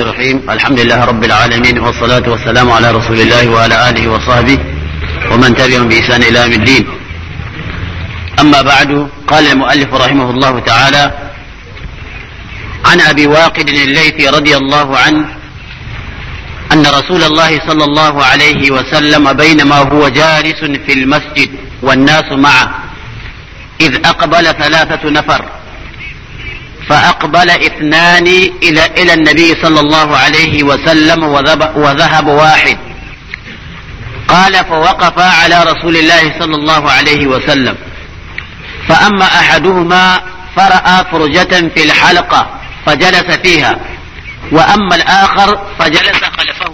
الرحمن الرحيم الحمد لله رب العالمين والصلاة والسلام على رسول الله وعلى آله وصحبه ومن تبعهم بإحسان إلى يوم الدين أما بعد قال المؤلف رحمه الله تعالى عن أبي واقد الليثي رضي الله عنه أن رسول الله صلى الله عليه وسلم بينما هو جالس في المسجد والناس معه إذ أقبل ثلاثة نفر فأقبل اثنان إلى إلى النبي صلى الله عليه وسلم وذهب واحد قال فوقفا على رسول الله صلى الله عليه وسلم فأما أحدهما فرأى فرجة في الحلقة فجلس فيها وأما الآخر فجلس خلفه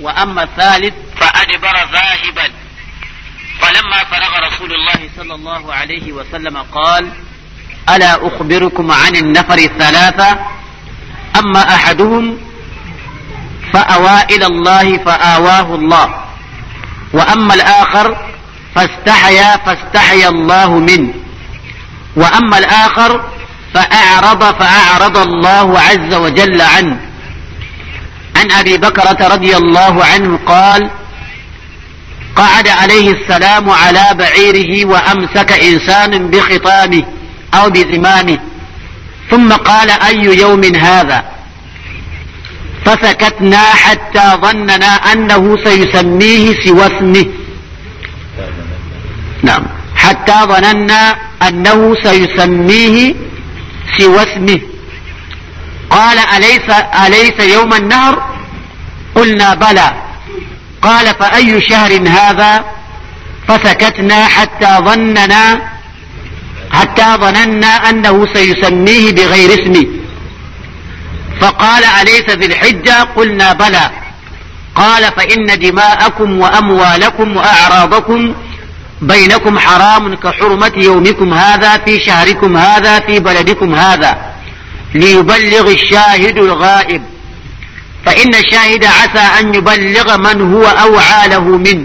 وأما الثالث فأدبر ذاهبا فلما فرغ رسول الله صلى الله عليه وسلم قال ألا أخبركم عن النفر الثلاثة أما أحدهم فأوى إلى الله فآواه الله وأما الآخر فاستحيا فاستحيا الله منه وأما الآخر فأعرض فأعرض الله عز وجل عنه عن أبي بكرة رضي الله عنه قال قعد عليه السلام على بعيره وأمسك إنسان بخطامه أو بزمامه ثم قال أي يوم هذا فسكتنا حتى ظننا أنه سيسميه سوى اسمه نعم حتى ظننا أنه سيسميه سوى اسمه قال أليس, أليس يوم النهر قلنا بلى قال فأي شهر هذا فسكتنا حتى ظننا حتى ظننا أنه سيسميه بغير اسمه فقال أليس في الحجة قلنا بلى قال فإن دماءكم وأموالكم وأعراضكم بينكم حرام كحرمة يومكم هذا في شهركم هذا في بلدكم هذا ليبلغ الشاهد الغائب فإن الشاهد عسى أن يبلغ من هو أوعى له منه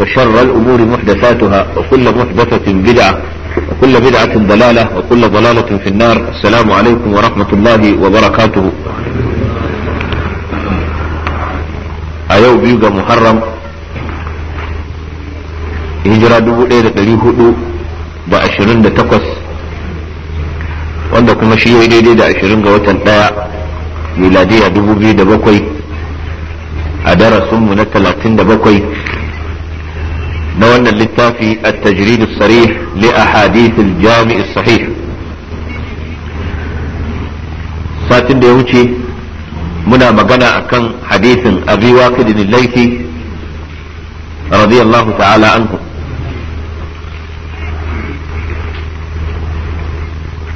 وشر الأمور محدثاتها وكل محدثة بدعة وكل بدعة ضلالة وكل ضلالة في النار السلام عليكم ورحمة الله وبركاته أيو بيوغا محرم هجرة دبو ليلة ليهدو بأشرين تقص wanda kuma shi ya yi daidai da ashirin ga watan ɗaya miladiya dubu biyu da bakwai a darasinmu na talatin da bakwai na wannan littafi a tajrid sarih li ahadith al sahih satin da ya wuce muna magana akan hadithin abi waqid al-laythi radiyallahu ta'ala anhu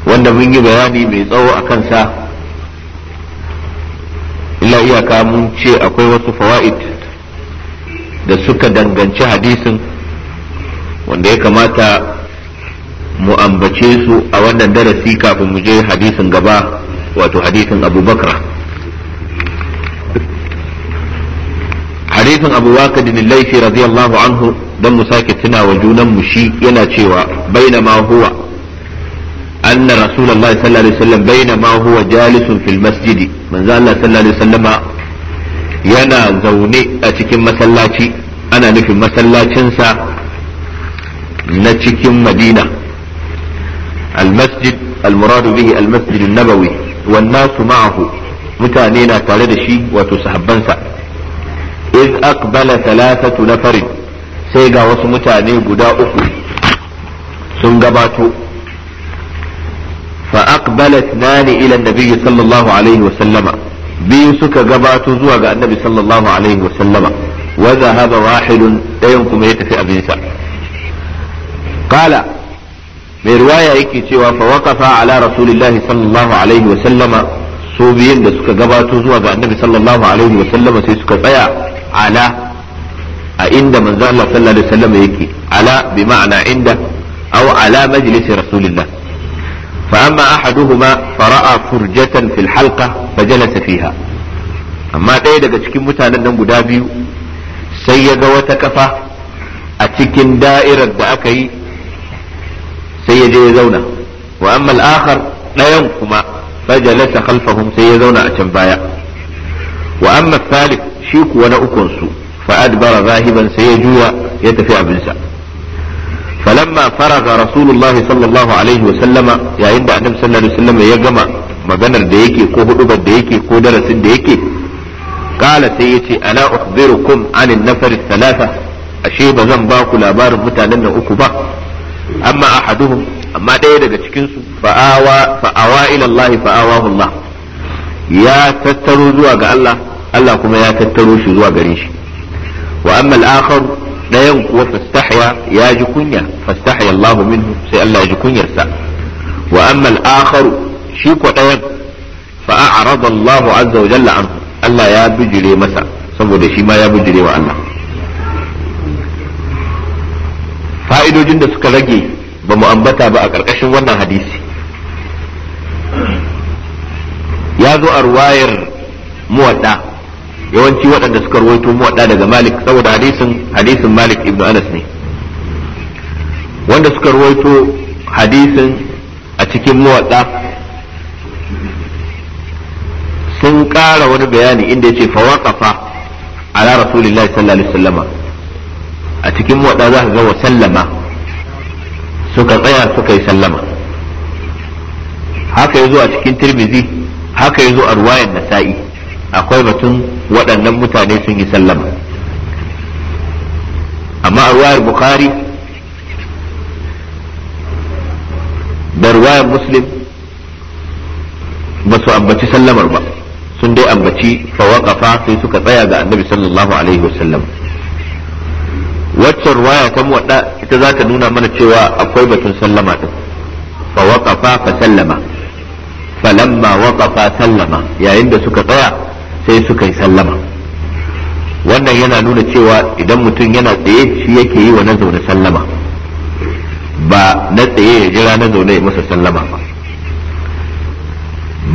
wanda mun yi bayani mai tsawo a kansa illa iyaka mun ce akwai wasu fawa'id da suka danganci hadisin wanda ya kamata mu ambace su a wannan darasi kafin mu je hadisin gaba wato hadisin abu bakra hadisin abu waqidin laifi radiyallahu anhu dan mu sake tuna wa junan mu shi yana cewa bainama huwa anna rasulullahi sallallahu alaihi wasallam bainama huwa jalisun fil masjidi manzo Allah sallallahu alaihi wasallama yana zaune a cikin masallaci ana nufin masallacinsa na cikin madina almasjid almuradu bihi almasjid nabawi wan nasu ma'ahu mutane na tare da shi wato sahabbansa iz aqbala thalathatu nafarin sai ga wasu mutane guda uku sun gabato fa aqbala thnani ila an sallallahu alaihi wa sallama biyu suka gabato zuwa ga annabi sallallahu alaihi wa sallama wa dhahaba wahidun dayan kuma ya tafi abinsa qala mai riwaya yake cewa fa waqafa ala rasulillahi sallallahu alaihi wa sallama su biyun da suka gabato zuwa ga annabi sallallahu alaihi wa sallama sai suka tsaya ala a inda manzo Allah sallallahu yake ala bi ma'ana inda au ala majlis rasulillah فأما أحدهما فرأى فرجة في الحلقة فجلس فيها أما ɗaya daga cikin mutanen nan guda biyu sai ya ga wata kafa a cikin da'irar da aka yi sai ya je ya zauna wa amma al-akhar dayan kuma fajalasa khalfahum sai ya zauna a can baya wa amma thalith shi kuwa na ukun su fa adbara zahiban sai ya juwa ya tafi abinsa falamma faraga rasulullahi sallallahu alaihi wa yayin da annabi sallallahu alaihi wa ya gama maganar da yake ko hudubar da yake ko darasin da yake kala sai ya ce ala ukhbirukum anin nafar thalatha ashe ba zan ba ku labarin mutanen nan uku ba amma ahaduhum amma ɗaya daga cikin su fa'awa fa'awa ila Allah fa'awahu Allah ya tattaro zuwa ga Allah Allah kuma ya tattaro shi zuwa gare shi wa amma al-akhar ɗayan kuwa fastahya ya ji kunya Allah minhu sai Allah ya ji kunyarsa wa amma al-akhar shi ko ɗayan fa'arada Allah azza wa jalla Allah ya bijire masa saboda shi ma ya bijire wa Allah fa'idojin da suka rage ba mu ambata ba a ƙarƙashin wannan hadisi ya zo a ruwayar muwadda yawanci waɗanda suka ruwaito muwadda daga malik saboda hadisin hadisin malik ibn anas ne wanda suka ruwaito hadisin a cikin muwadda sun ƙara wani bayani inda ya ce fa, ala rasulillahi sallallahu alaihi wasallama a cikin waɗa za ka ga wa sallama suka tsaya suka yi sallama haka ya zo a cikin tirmizi haka ya zo a ruwayar nasa'i akwai batun waɗannan mutane sun yi sallama amma a ruwayar bukhari da ruwayar muslim ba su ambaci sallamar ba sun dai ambaci fa waƙafa sai suka tsaya ga annabi sallallahu alaihi wasallam waccan ruwaya ta muwadda ita za ta nuna mana cewa akwai batun sallama din fa waqafa fa sallama lamma waqafa sallama yayin da suka tsaya sai suka yi sallama wannan yana nuna cewa idan mutum yana tsaye shi yake yi wa na zaune sallama ba na tsaye ya jira na zaune masa sallama ba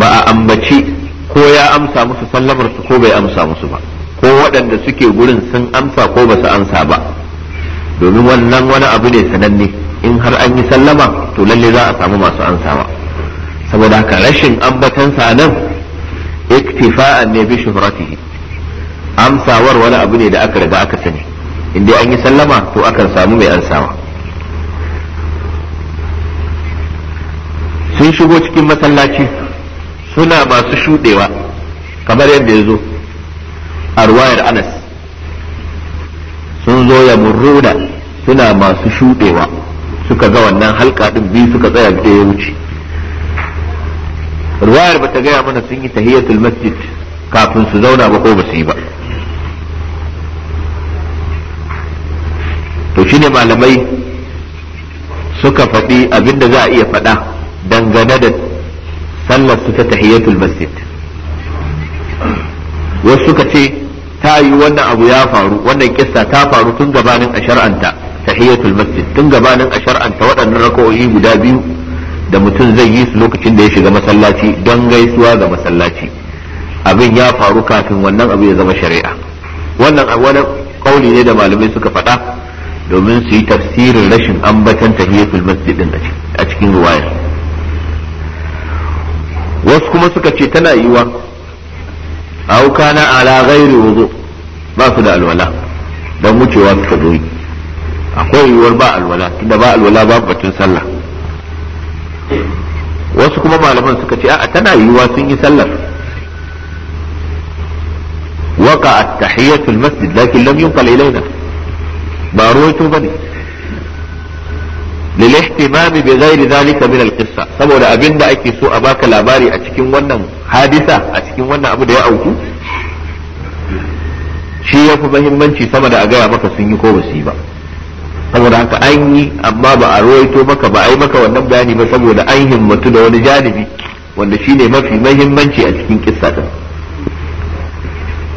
ba a ambaci ko ya amsa musu sallamar su ko bai amsa musu ba ko waɗanda suke gurin sun amsa ko ba su amsa ba domin wannan wani abu ne sananne in har an yi sallama to lalle za a samu masu ansawa saboda haka rashin ambatansa nan iktifa'an ne bi shuhratihi amsawar wani abu ne da aka riga aka sani in dai an yi sallama to akan samu mai ansawa sun shigo cikin masallaci suna masu shudewa kamar yadda ya zo a ruwayar anas sun zo ya da suna masu shuɗewa suka ga wannan halka ɗin biyu suka tsaya da ya wuce ruwayar ba ta gaya mana sun yi tahiyatul masjid kafin su zauna ba ko ba su yi ba to shine malamai suka faɗi abinda za a iya faɗa dangane da sallar su ta tahiyatul masjid wasu suka ce ta yi wannan abu ya faru wannan kissa ta faru tun gabanin a shar'anta tahiyatul masjid tun gabanin a shar'anta waɗannan raka'o'i guda biyu da mutum zai yi su lokacin da ya shiga masallaci don gaisuwa ga masallaci abin ya faru kafin wannan abu ya zama shari'a wannan wani kauli ne da malamai suka faɗa domin su yi tafsirin rashin ambatan tahiyatul masjid din a cikin ruwaya wasu kuma suka ce tana yiwa aw kana ala ghairi wudu ba su da alwala dan wucewa suka zo yi akwai yiwuwar ba alwala tunda ba alwala ba batun sallah wasu kuma malaman suka ce a tana yiwuwa sun yi sallar waka at-tahiyatul masjid lakin lam yunqal ilaina ba ruwaito bane للاهتمام بغير ذلك من القصة saboda abin da ake so a baka labari a cikin wannan hadisa a cikin wannan abu da ya auku shi ya fi muhimmanci sama da a gaya maka sun yi ko ba ba saboda haka an yi amma ba a rawaito maka ba a yi maka wannan bayani ba saboda an himmatu da wani janibi wanda shine mafi muhimmanci a cikin kissa ta.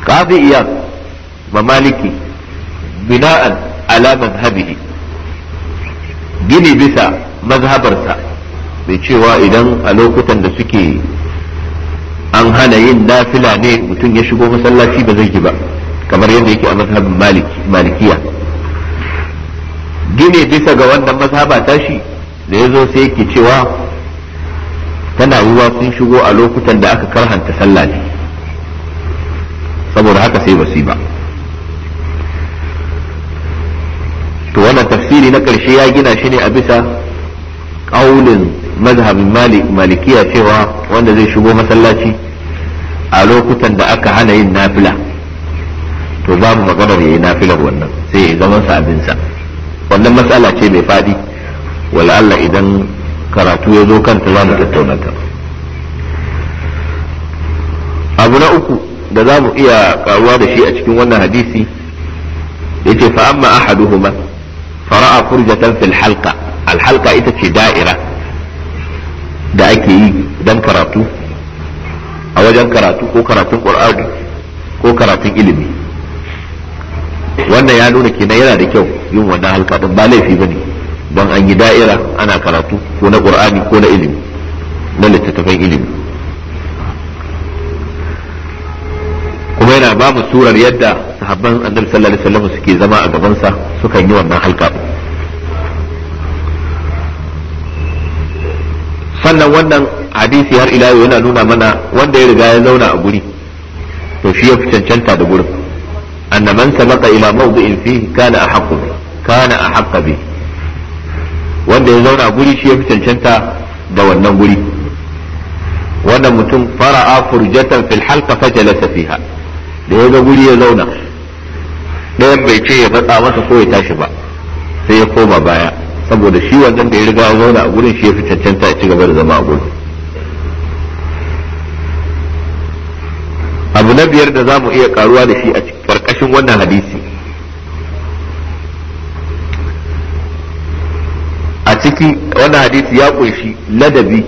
qadi iyad mamaliki bina'an ala madhhabihi gini bisa mazhabarsa mai cewa idan a lokutan da suke an hana yin nafila ne mutum ya shigo masallaci ba zai ba kamar yadda yake a mazhabin malikiya Gini bisa ga wannan mazhaba tashi da ya zo sai yake cewa tana ruwa sun shigo a lokutan da aka karhanta sallah ne saboda haka sai basu ba to wannan tafsiri na ƙarshe ya gina shi ne a bisa ƙaulin mazhabin malikiya cewa wanda zai shigo masallaci a lokutan da aka hana yin nafila to babu maganar yayi nafilar wannan sai ya zaman sa abinsa wannan matsala ce mai faɗi allah idan karatu ya zo kanta za mu tattauna ta abu na uku da za mu iya karuwa da shi a cikin wannan hadisi yace fa amma ahaduhuma fara'a furjatan fil halqa al halqa ita ce da'ira da ake yi dan karatu a wajen karatu ko karatun qur'ani ko karatun ilimi wannan ya nuna kenan yana da kyau yin wannan halka din ba laifi bane don an yi da'ira ana karatu ko na qur'ani ko na ilimi na littattafan ilimi kuma yana ba mu surar yadda sahabban annabi sallallahu alaihi wasallam suke zama a gabansa sukan yi wannan halka sannan wannan hadisi har ila yana nuna mana wanda ya riga ya zauna a guri to shi ya fi cancanta da gurin anna man sabaqa ila mawdi'in fihi kana ahqqu bi kana ahqqu bi wanda ya zauna a guri shi ya fi cancanta da wannan guri wannan mutum fara'a furjatan fil halqa fajalasa fiha da ya ga guri ya zauna ɗayan bai ce ya matsa masa ko ya tashi ba sai ya koma baya saboda shi wannan da ya riga ya zauna a gurin shi ya fi cancanta ya ci gaba da zama a gurin abu na biyar da za mu iya karuwa da shi a karkashin wannan hadisi a ciki wannan hadisi ya ƙunshi ladabi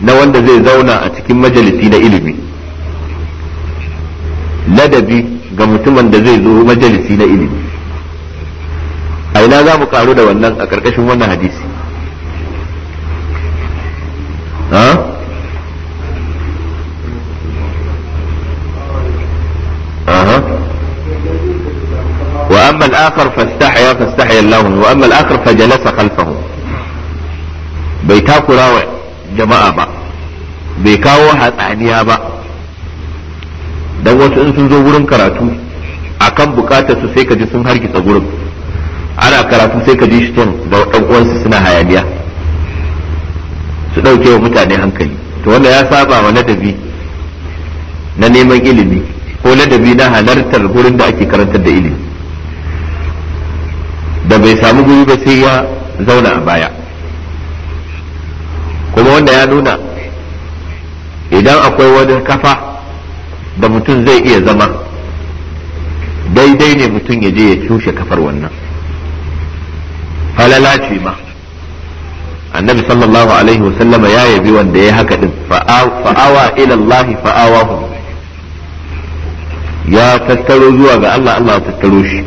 na wanda zai zauna a cikin majalisi na ilimi ladabi ga mutumin da zai zo majalisi na ilimi a ina za mu karu da wannan a karkashin wannan hadisi ha? وأما الآخر فاستحيا فاستحيا الله وأما الآخر فجلس خلفه بيتاكلا جماعة ba bai kawo hatsaniya ba dan wasu in sun zo wurin karatu a kan bukatar su sai ka ji sun hargitsa gurin ana karatu sai ka ji shi ton da ɗan uwansu suna hayaniya su ɗauke wa mutane hankali to wanda ya saba wa ladabi na neman ilimi ko ladabi na halartar gurin da ake karantar da ilimi da bai samu guri ba sai ya zauna a baya kuma wanda ya nuna idan akwai wani kafa da mutum zai iya zama daidai ne mutum ya je ya cushe kafar wannan falala ce ma annabi sallallahu alaihi wasallama ya yabi wanda ya haka din fa'awa ila Allah fa'awahu ya tattaro zuwa ga Allah Allah ya tattaro shi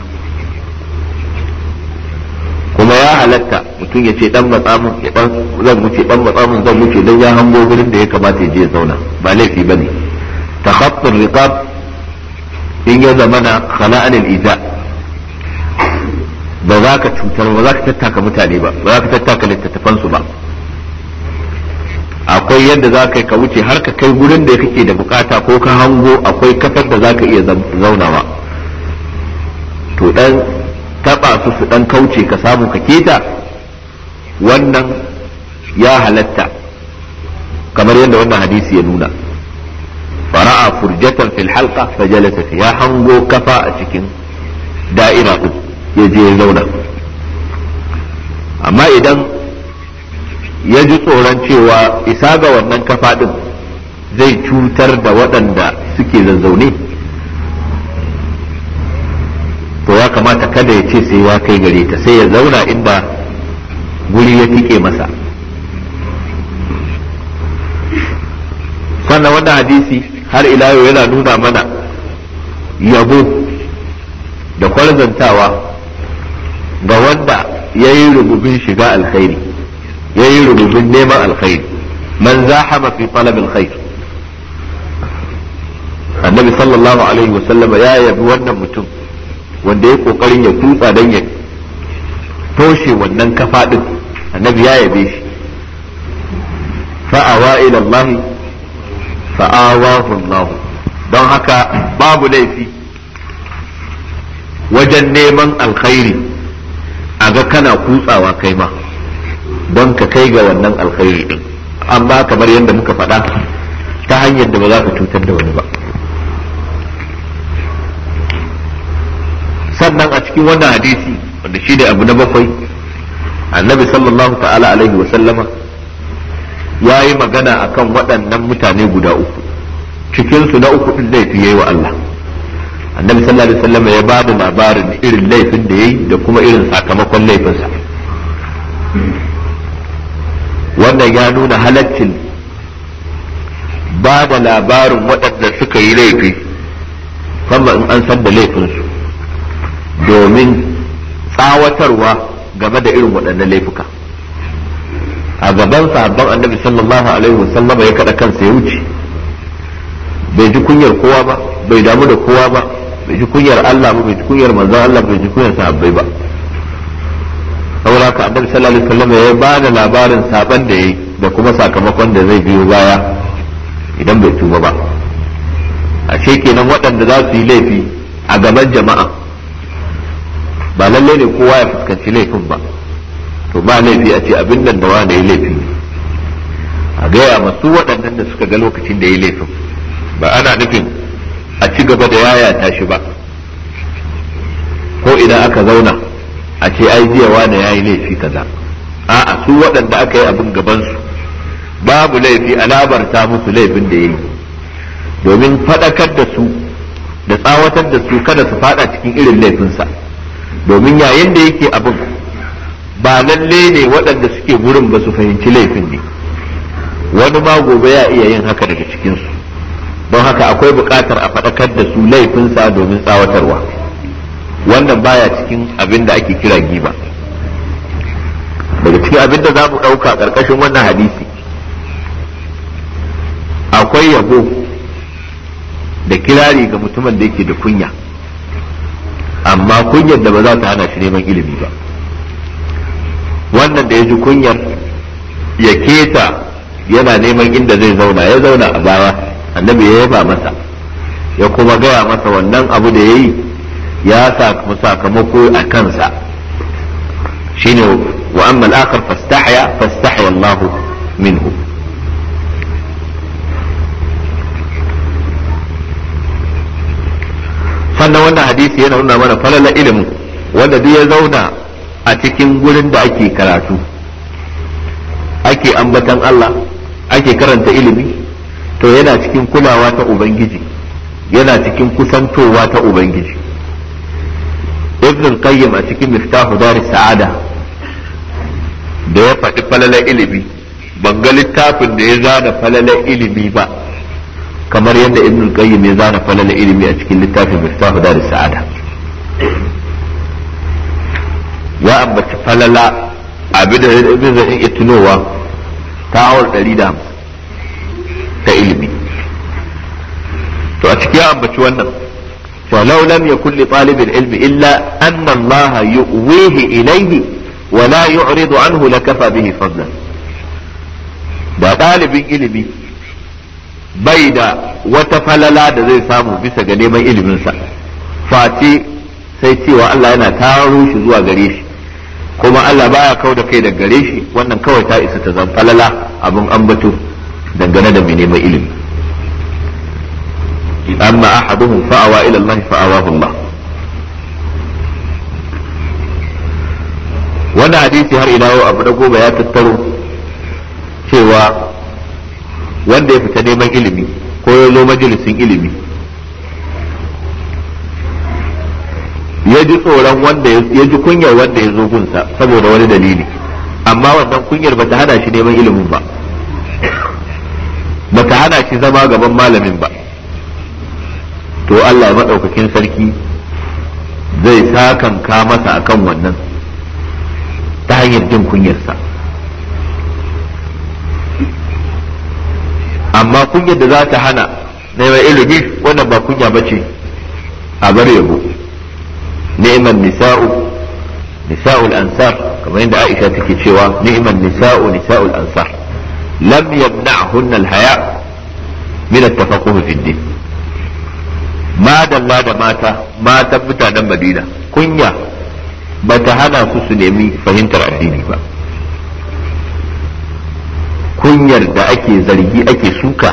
kuma ya halatta mutum ya ce dan matsamun ya zan wuce dan matsamun zan wuce dan ya hango gurin da ya kamata ya je ya zauna ba laifi bane تخط الرقاب in ya zamana khala'an al-iza ba za ka cutar ba ka tattaka mutane ba littattafansu ba akwai yadda za ka ka wuce har ka kai gurin da kake da bukata ko ka hango akwai kafar da za ka iya zaunawa to dan taba su su dan kauce ka samu ka keta wannan ya halatta kamar yadda wannan hadisi ya nuna fara'a furjatan fil halqa fajalasa ya hango kafa a cikin da'ira din ya je ya zauna amma idan ya ji tsoron cewa isa ga wannan kafa ɗin zai cutar da waɗanda suke zazzaune to ya kamata kada ya ce sai ya kai gare ta sai ya zauna inda guri ya tike masa sannan wannan hadisi har ila yau yana nuna mana yabo da kwarzantawa ga wanda ya yi rububin shiga alkhairi ya yi rububin neman alkhairi man zahama fi talab alkhair annabi sallallahu alaihi wasallam ya yabi wannan mutum wanda ya kokarin ya kutsa dan ya toshe wannan kafa din annabi ya yabe shi fa'awa ila fa'awahu don haka babu laifi wajen neman alkhairi a ga kana kutsawa kai ma don ka kai ga wannan alkhairi din amma kamar yadda muka faɗa ta hanyar da ba za ka cutar da wani ba sannan a cikin wannan hadisi wanda shi ne abu na bakwai annabi sallallahu ta'ala alaihi wa sallama ya yi magana a kan waɗannan mutane guda uku cikinsu na uku ɗin laifi ya yi wa Allah annabi sallallahu alaihi wasallam ya ba da labarin irin laifin da ya yi da kuma irin sakamakon laifinsa wannan ya nuna halaccin ba da labarin waɗanda suka yi laifi kama in an san da laifinsu domin tsawatarwa game da irin waɗannan laifuka. a gaban sahabban annabi sallallahu alaihi wasallam ya kada kansa ya wuce bai ji kunyar kowa ba bai damu da kowa ba bai ji kunyar Allah ba bai ji kunyar manzon Allah bai ji kunyar sahabbai ba saboda haka annabi sallallahu alaihi wasallam ya ba da labarin saban da yayi da kuma sakamakon da zai biyo baya idan bai tuba ba ashe kenan waɗanda za su yi laifi a gaban jama'a ba lalle ne kowa ya fuskanci laifin ba to ba laifi a ce abin nan da wane ya laifi a gaya masu waɗannan da suka ga lokacin da ya laifin ba ana nufin a ci gaba da yaya shi ba ko idan aka zauna a ce ai jiya wane ya yi laifi kaza a'a su waɗanda aka yi abin gabansu babu laifi alabarta musu laifin da ya yi domin faɗakar da su da tsawatar da su kada su faɗa cikin irin laifinsa domin yayin da yake abin ba lalle ne waɗanda suke gurin ba su fahimci laifin ne wani ma gobe ya iya yin haka daga cikinsu don haka akwai buƙatar a faɗakar da su laifinsa domin tsawatarwa wannan baya cikin abin da ake kira giba daga cikin abin da za mu ɗauka ƙarƙashin wannan hadisi akwai yabo da kirari ga mutumin da yake da kunya amma kunyar da ba za ta hana shi neman ilimi ba wannan da ya ji kunyar ya keta yana neman inda zai zauna ya zauna a baya annabi ya yaba masa ya kuma gaya masa wannan abu da ya yi ya samu sakamako a kansa shine wa amma al fastahya fastahya minhu sannan wannan hadisi yana nuna mana falala ilimin wanda duk ya zauna a cikin gurin da ake karatu ake ambatan Allah ake karanta ilimi to yana cikin kulawa ta ubangiji yana cikin kusantowa ta ubangiji ibn qayyim a cikin miftahu dar sa'ada da ya faɗi falalar ilimi ban ga littafin da ya zana falalar ilimi ba kamar yadda ibn qayyim ya zana falalar ilimi a cikin littafin miftahu dar sa'ada ya ambaci falala abin da zai zai iya tunowa ta awar ɗari da hamsin ta ilimi to a ciki ya ambaci wannan ولو لم يكن لطالب العلم إلا أن الله يؤويه إليه ولا يعرض عنه لكفى bihi فضلا da ɗalibin ilimi bai da wata falala da zai samu bisa ga neman iliminsa face sai cewa Allah yana taro shi zuwa gare shi kuma Allah baya kau da kai daga gare shi wannan kawai ta isa ta zan abin ambato dangane da mai ilimi amma ahaduhum fa'awa ila Allah fa'awa Allah wannan hadisi har ila abu da goma ya tattaro cewa wanda ya fita neman ilimi ko ya zo majalisin ilimi ya ji tsoron wanda ya ji kunyar wanda ya zo gunsa saboda wani dalili amma wannan kunyar bata hana shi neman ilimin ba bata hana shi zama gaban malamin ba to Allah ya maɗaukakin sarki zai sakanka masa akan wannan ta hanyar jin kunyarsa amma kunyar da za ta hana neman ilimi wannan ba kunya ba ce a bar yabo ni'man nisa'u nisa'ul ansar kamar yadda Aisha take cewa ni'man nisa'u nisa'ul ansar lam na'a al-haya min at-tafaqquh fi din ma da ma mata mutanen badina kunya bata hana su su nemi fahimtar addini ba kunyar da ake zargi ake suka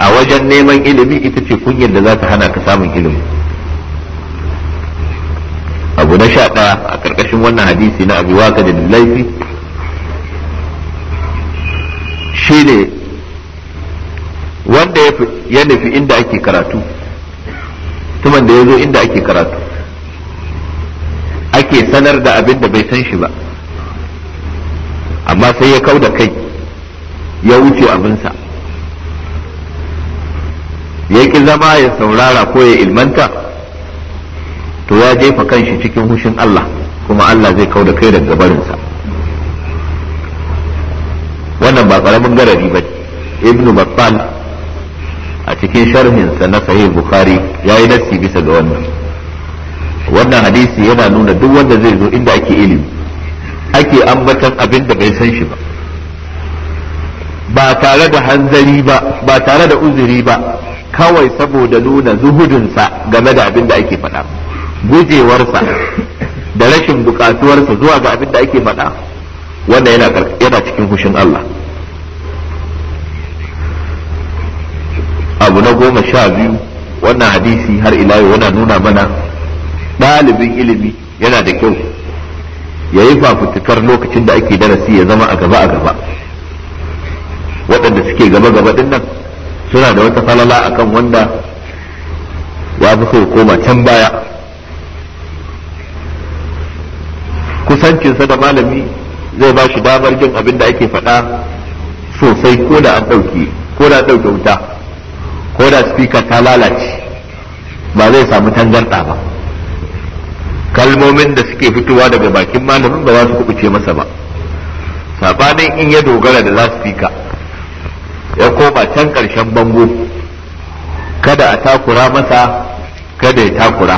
a wajen neman ilimi ita ce kunyar da za ta hana ka samun ilimi abu na sha ɗaya a ƙarƙashin wannan hadisi na abu waka da laifi shi ne wanda ya nufi inda ake karatu tuman da ya zo inda ake karatu ake sanar da abin da bai san shi ba amma sai ya kau da kai ya wuce abinsa ya ki zama ya saurara ko ya ilmanta to ya jefa kanshi cikin hushin Allah kuma Allah zai kau da kai daga barinsa wannan ba karamin garari ba ibn battal a cikin sharhinsa na sahih bukhari ya yi nassi bisa ga wannan wannan hadisi yana nuna duk wanda zai zo inda ake ilimi ake ambatan abin da bai san shi ba ba tare da hanzari ba ba tare da uzuri ba kawai saboda nuna zuhudinsa game da abin da ake faɗa gujewarsa da rashin bukatuwarsa zuwa ga abin da ake faɗa wanda yana cikin hushin Allah abu na goma sha biyu wannan hadisi har ila yau yana nuna mana ɗalibin ilimi yana da kyau ya yi fafutukar lokacin da ake darasi ya zama a gaba a gaba waɗanda suke gaba gaba din nan suna da wata falala akan wanda ya fi so koma can baya kusancinsa da malami zai ba shi damar jin abin da ake faɗa sosai ko da an ɗauke ko da ɗauke wuta ko da spika ta lalace ba zai samu tangarɗa ba kalmomin da suke fitowa daga bakin malamin ba za su kubuce masa ba sabanin in ya dogara da lasfika ya koma can ƙarshen bango kada a takura masa kada ya takura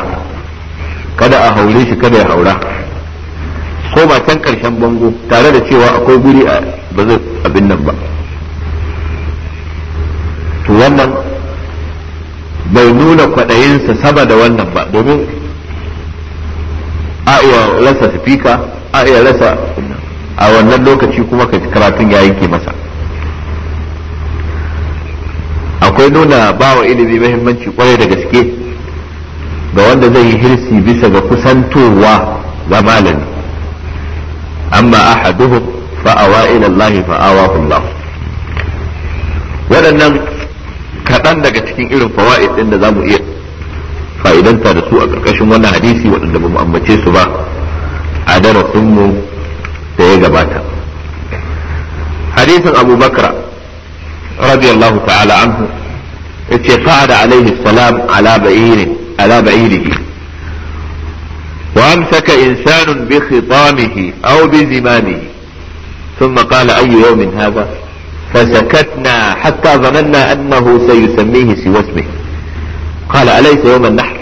kada a haure shi kada ya haura ko ba can karshen bango tare da cewa akwai guri a ba zai abin nan ba to wannan bai nuna kwaɗayinsa sama da wannan ba domin a iya rasa sifika a iya rasa a wannan lokaci kuma ka karatun ya yanke masa akwai nuna ba wa ilimi mahimmanci kwarai da gaske ga wanda zai yi hirsi bisa ga kusantowa ga malami amma ahaduhum fa awa ila Allah fa Allah waɗannan kaɗan daga cikin irin fawaid ɗin da zamu iya fa'idanta da su a ƙarƙashin wannan hadisi waɗanda ba mu ambace su ba a mu da ya gabata hadisin Abu Bakra radiyallahu ta'ala anhu yace fa'ada alaihi salam ala ba'irin ala ba'irihi وأمسك إنسان بخطامه أو بزمامه ثم قال أي يوم هذا فسكتنا حتى ظننا أنه سيسميه سوى اسمه قال أليس يوم النحر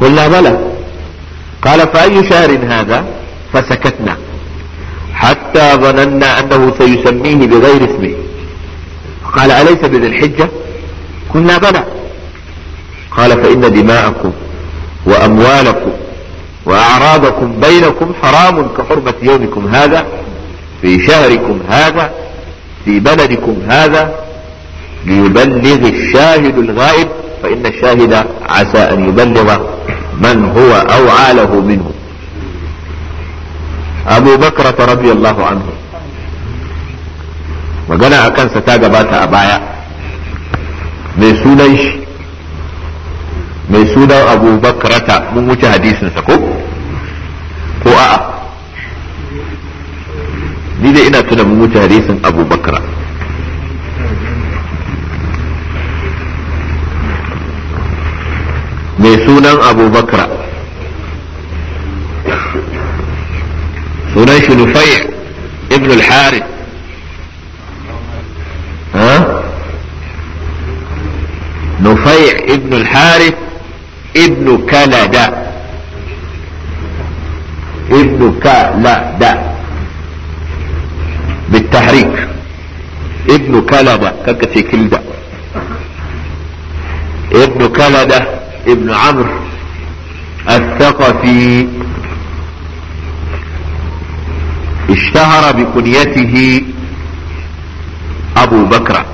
قلنا بلى قال فأي شهر هذا فسكتنا حتى ظننا أنه سيسميه بغير اسمه قال أليس بذي الحجة قلنا بلى قال فإن دماءكم وأموالكم وأعراضكم بينكم حرام كحرمة يومكم هذا في شهركم هذا في بلدكم هذا ليبلغ الشاهد الغائب فإن الشاهد عسى أن يبلغ من هو أوعى له منه أبو بكرة رضي الله عنه وقال a ستاج بات أبايا ميسونيش baya أبو بكرة من mai sunan ko a'a ni dai ina tuna mun mutu hadisin Abu Bakra mai sunan Abu Bakra sunan shi Nufai ibn al-Harith نفيع ابن الحارث ابن كندا ابن كا بالتحريك ابن كلبة كتي كلدة ابن كلبة ابن عمرو الثقفي اشتهر بكنيته أبو بكر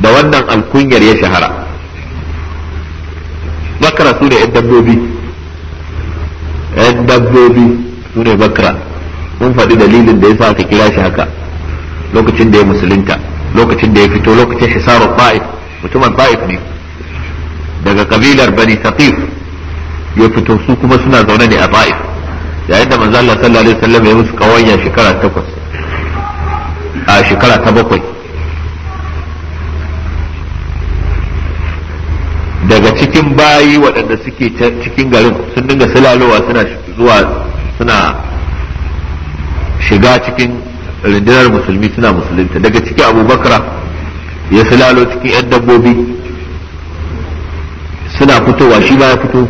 دونا الكنير يشهر بكر سوري عند النبي عند النبي sune bakra mun faɗi dalilin da ya sa aka kira shi haka lokacin da ya musulunta lokacin da ya fito lokacin hisaru ta'if mutumin ta'if ne daga kabilar bani saqif ya fito su kuma suna zaune ne a ta'if yayin da manzo Allah sallallahu alaihi wasallam ya musu kawanya shekara takwas a shekara ta bakwai daga cikin bayi waɗanda suke cikin garin sun dinga silalowa suna zuwa suna shiga cikin rundunar musulmi suna musulunta daga ciki abubakar ya silalo cikin 'yan dabbobi suna fitowa shi ba ya fito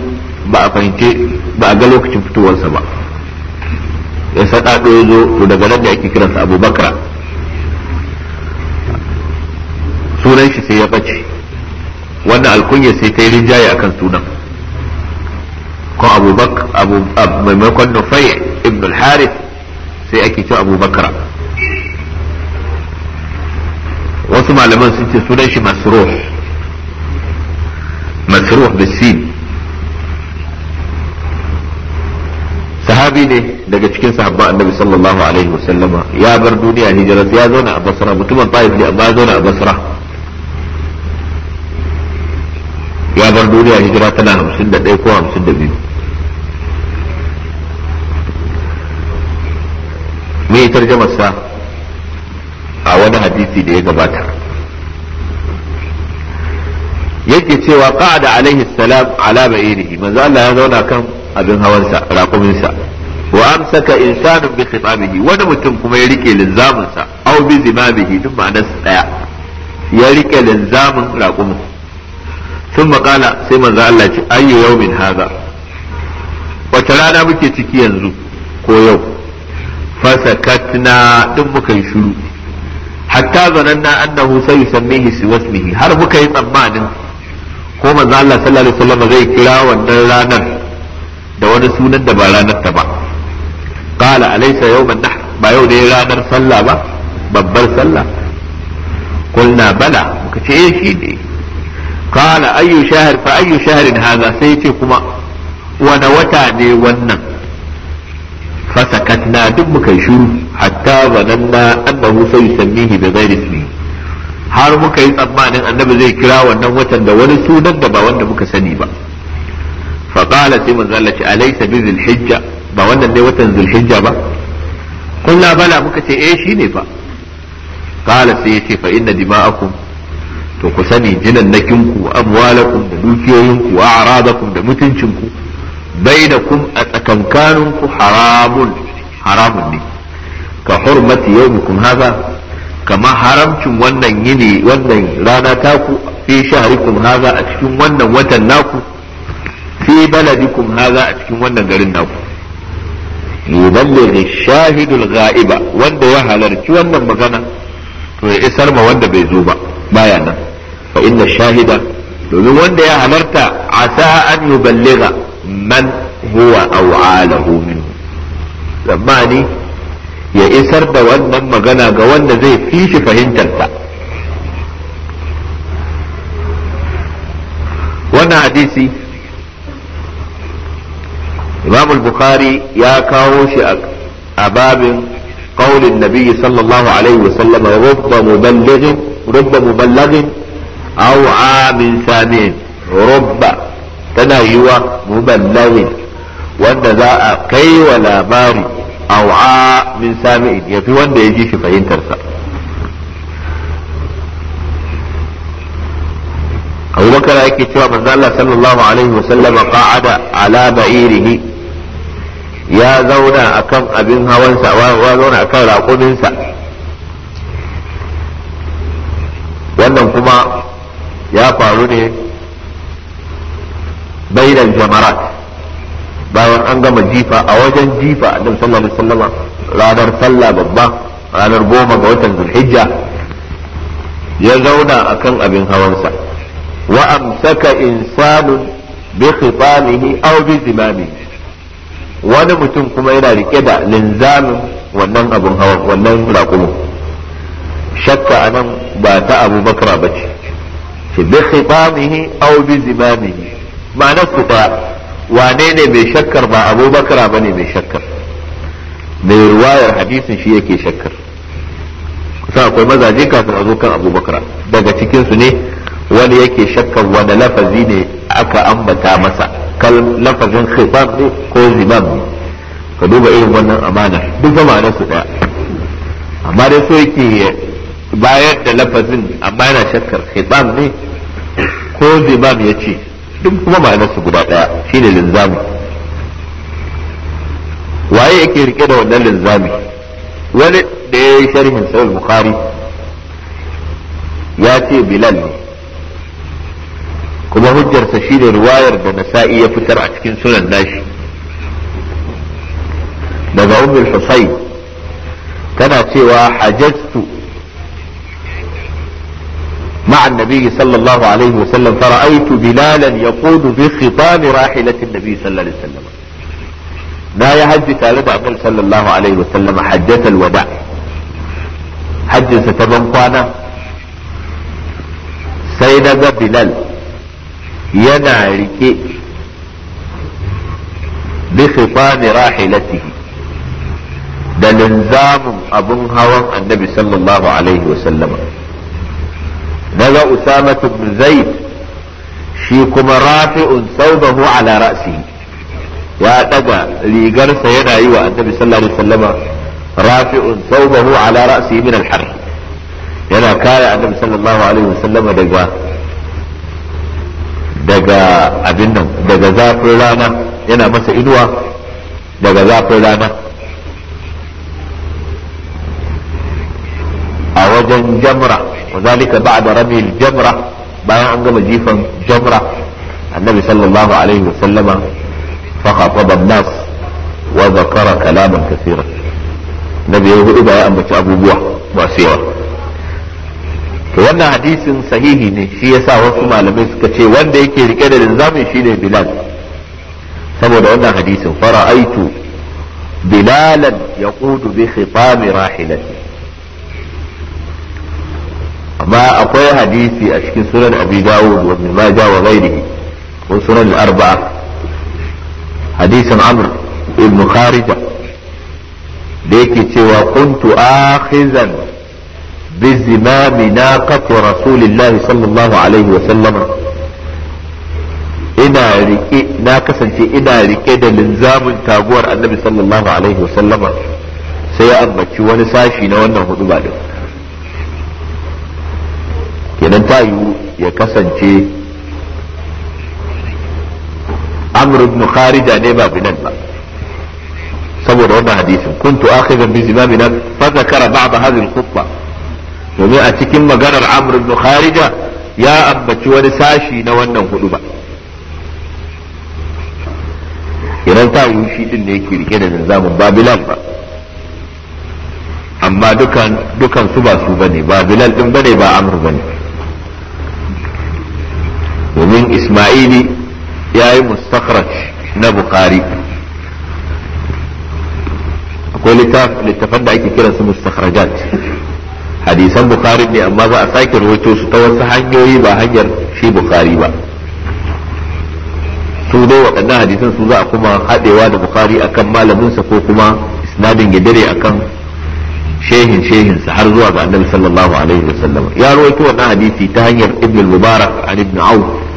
ba a fahimce ba a ga lokacin fitowarsa ba ya saɗaɗo ya zo to daga nan da ake kiransa abubakar sunan shi sai ya ɓace wannan alkunya sai ta yi rinjaye a kan sunan ko abu maimakon nufai ibn al-harith sai ake cewa abubakar wasu malaman sun ce sunan shi masruh masruh bisin sahabi ne daga cikin sahabba annabi sallallahu alaihi wasallama ya bar duniya hijirar ya zauna a basra mutumin ta'if ne amma ya zauna a basra ya bar duniya hijira tana hamsin da ɗaya ko hamsin da biyu me sa a wani hadisi da ya gabata yake cewa qa'ada alaihi salam ala ba'irihi manzo Allah ya zauna kan abin hawansa sa wa amsaka insanun bi khitabihi wani mutum kuma ya rike linzamin sa aw bi zimabihi duk ma'anar daya ya rike linzamin raƙumin sun qala sai manzo Allah ya ce ayyu yawmin hadha wata rana muke ciki yanzu ko yau fasakatna din muka yi shiru hatta zananna annahu sai yusammihi su wasmihi har muka yi tsammanin ko manzo Allah sallallahu alaihi wasallam zai kira wannan ranar da wani sunan da ba ranar ta ba qala alaysa yawman nahr ba yau ne ranar sallah ba babbar sallah qulna bala muka ce eh shi ne qala ayyu shahr fa ayyu shahrin hadha sai ce kuma wani wata ne wannan fasakatna duk muka shiru hatta zananna annahu sai yusammihi bi ghairi ismi har muka yi tsammanin annabi zai kira wannan watan da wani sunan da ba wanda muka sani ba fa qala sai manzo Allah ce alaysa bi hijja ba wannan ne watan zulhijja ba kullu bala muka ce eh shine fa qala sai yace fa inna dima'akum to ku sani jinan nakinku amwalakum da dukiyoyinku wa aradakum da mutuncin ku. بينكم أتكم أتكنكانكم حرام حرام لي كحرمة يومكم هذا كما حرمتم وانا يني وانا رانا تاكو في شهركم هذا أتكم وانا وتناكو في بلدكم هذا أتكم وانا قرناكو يبلغ الشاهد الغائبة وانا وحالر وانا مغانا ويسر ما وانا بيزوبا بايانا فإن الشاهد لولو وانا يا عسى أن يبلغ من هو أو عاله منه زماني يا إسر دا وانا ما قنا قوانا زي فيش فهين تلتا وانا حديثي إمام البخاري يا كاوش أباب قول النبي صلى الله عليه وسلم رب مبلغ رب مبلغ أو عام ثانين رب tana yiwa muballawin wanda za a kai wa labari au'a min sami'in yafi wanda ya ji shi fahimtarsa abu bakar yake cewa manzo Allah sallallahu alaihi wasallam qa'ada ala ba'irihi ya zauna akan abin hawansa ya zauna akan raƙuminsa wannan kuma ya faru ne bainal jamarat bayan an gama jifa a wajen jifa annabi sallallahu alaihi wasallam ranar salla babba ranar goma ga watan hijja ya zauna akan abin hawansa wa amsaka insanun bi khitamihi aw bi zimamihi wani mutum kuma yana rike da linzamin wannan abin wannan raƙumin shakka anan ba ta abubakar ba ce bi khitamihi aw bi zimamihi ma'anar ku ɗaya wane ne mai shakkar ba abubakar ba ne mai shakkar mai ruwayar hadisin shi yake shakkar kusa akwai mazaje kafin a zo kan abubakar daga cikinsu ne wani yake shakkar wani lafazi ne aka ambata masa kal lafazin khifaf ne ko zimam ne ka duba irin wannan amana duk ba ma'anar su ɗaya amma dai so yake bayar da lafazin amma yana shakkar khifaf ne ko zimam ya ce duk kuma ma'anarsa guda ɗaya shine linzami waye yake rike da wannan linzami wani da ya yi sharhin sahih bukhari ya ce bilal ne kuma hujjarsa shine riwayar da nasa'i ya fitar a cikin sunan nashi daga ummul husayn tana cewa hajjatu مع النبي صلى الله عليه وسلم فرأيت بلالا يقود بخطام راحلة النبي صلى الله عليه وسلم لا يهج تارد أقل صلى الله عليه وسلم حجة الوداع حجة ستبن قانا سيدنا بلال ينا ركي بخطام راحلته انزام أبو هوا النبي صلى الله عليه وسلم naga usama ibn zaid shi kuma rafi'un saubahu ala ra'si ya daga rigarsa yana yi wa annabi sallallahu alaihi rafi'un saubahu ala ra'si min al yana kare annabi sallallahu alaihi wasallama daga daga abin nan daga zafin rana yana masa inuwa daga zafin rana a wajen jamra wa zalika ba'da rabil jamra bayan an gama jifan jamra annabi sallallahu alaihi wa sallama fa khataba nas wa dhakara kalaman kaseera nabi ya hudu ba ya ambaci abubuwa masu yawa to wannan hadisin sahihi ne shi yasa wasu malamai suka ce wanda yake rike da linzamin shine bilal saboda wannan hadisin fara'aitu bilalan yaqudu bi khitami rahilati amma akwai hadisi a cikin sunan abi dawud wa ibn majah wa ghairihi wa sunan al hadisin amr ibn kharija da yake cewa kuntu akhizan bizimami zimami naqati rasulillahi sallallahu alaihi wa sallama ina rike kasance ina rike da linzamin taguwar annabi sallallahu alaihi wa sallama sai ya ambaci wani sashi na wannan hudu ba ta ya kasance amr ibn kharija ne ba binan ba saboda wannan hadisin kuntu akhidan bi zimamina fa zakara ba'd hadhihi al-khutbah domin a cikin maganar amr ibn kharija ya ambaci wani sashi na wannan hudu ba idan ta yiwu shi din ne yake rike da nizamin babilan ba amma dukan dukan su ba su bane ba bilal din bane ba amr bane isma'ili ya yi mustakhraj na bukhari akwai littafan da ake kiran su mustakhrajat hadisan bukhari ne amma za a sake rawaito su ta wasu hanyoyi ba hanyar shi bukhari ba su dai waɗannan hadisan su za a kuma haɗewa da bukhari akan malaminsa ko kuma isnadin gidare akan shehin shehinsa har zuwa ga annabi sallallahu alaihi wasallam ya rawaito wannan hadisi ta hanyar ibn mubarak an ibn auf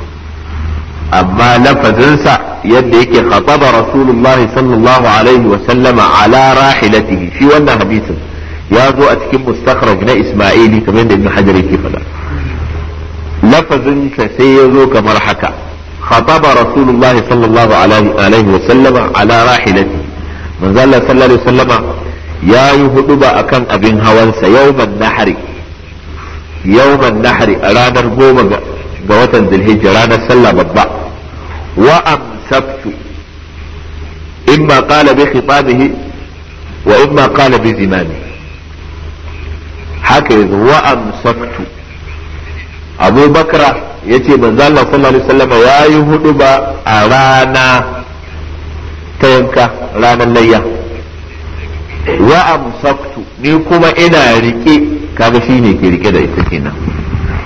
amma lafazinsa yadda yake khataba rasulullah sallallahu alaihi wa sallama ala rahilatihi shi wannan hadisin ya zo a cikin mustakhraj na isma'ili kamar yadda ibn hajar yake lafazinsa sai ya zo kamar haka khataba rasulullah sallallahu alaihi wa sallama ala rahilatihi manzo Allah sallallahu alaihi wa ya yi a kan abin hawansa yawman nahari yawman a ranar goma ga watan zulhijja ranar sallah babba wa amsaktu imma qala bi khitamihi wa imma qala bi zimami haka yanzu wa amsaktu abu bakra ya ce manzala sallallahu alaihi wasallam ya yi hudu ba a rana ta yanka ranar layya wa amsaktu ni kuma ina rike kaga shine ke rike da ita kenan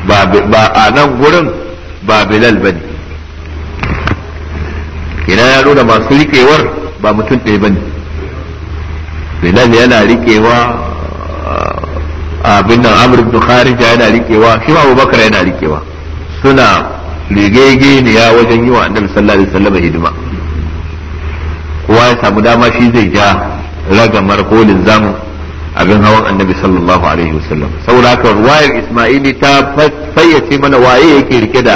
ba a nan gurin ba bilal ba ne ina ya nuna masu riƙewar ba mutum ɗaya ba ne bilal yana riƙewa abin nan amur ibn kharija yana riƙewa shi ma abubakar yana riƙewa suna rigege ne ya wajen yi wa annabi sallallahu alaihi wasallam hidima kowa ya samu dama shi zai ja ragamar kolin zamu abin hawan annabi sallallahu alaihi wasallam saboda haka ruwayar isma'ili ta fayyace mana waye yake rike da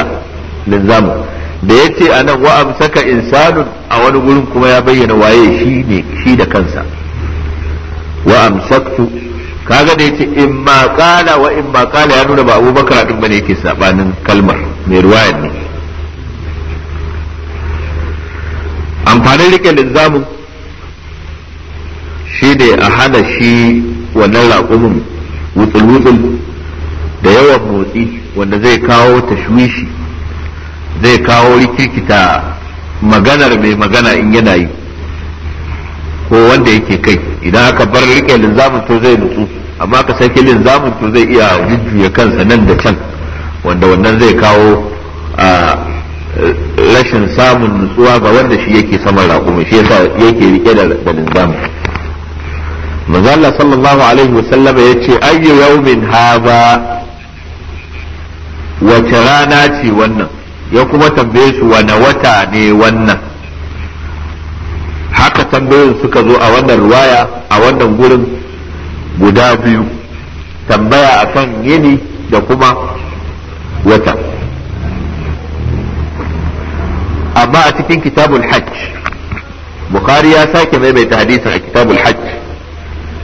linzamu da yace ce anan wa amsaka insanu a wani gurin kuma ya bayyana waye shi ne shi da kansa wa amsaktu kaga da yace in ma kala wa in ma qala ya nuna ba Abubakar din bane yake sabanin kalmar mai ruwayar ne amfanin rike linzamu shi ne a hana shi wannan raƙumin wutsul-wutsul da yawan motsi wanda zai kawo tashwishi zai kawo rikirkita maganar mai magana in yana yi ko wanda yake kai idan aka bar rike linzamin to zai nutsu amma ka sake linzamin to zai iya jujjuya kansa nan da can wanda wannan zai kawo a rashin samun nutsuwa ga wanda shi yake saman raƙumin shi yasa yake rike da linzamin Mazalla sallallahu alaihi wasallama ya ce ayyu yaumin haza wace rana ce wannan ya kuma tambaye su wane wata ne wannan haka tambayoyin suka zo a wannan ruwaya a wannan gurin guda biyu tambaya a kan yini da kuma wata amma a cikin kitabul hajj bukari ya sake maimaita hadisin a kitabul hajj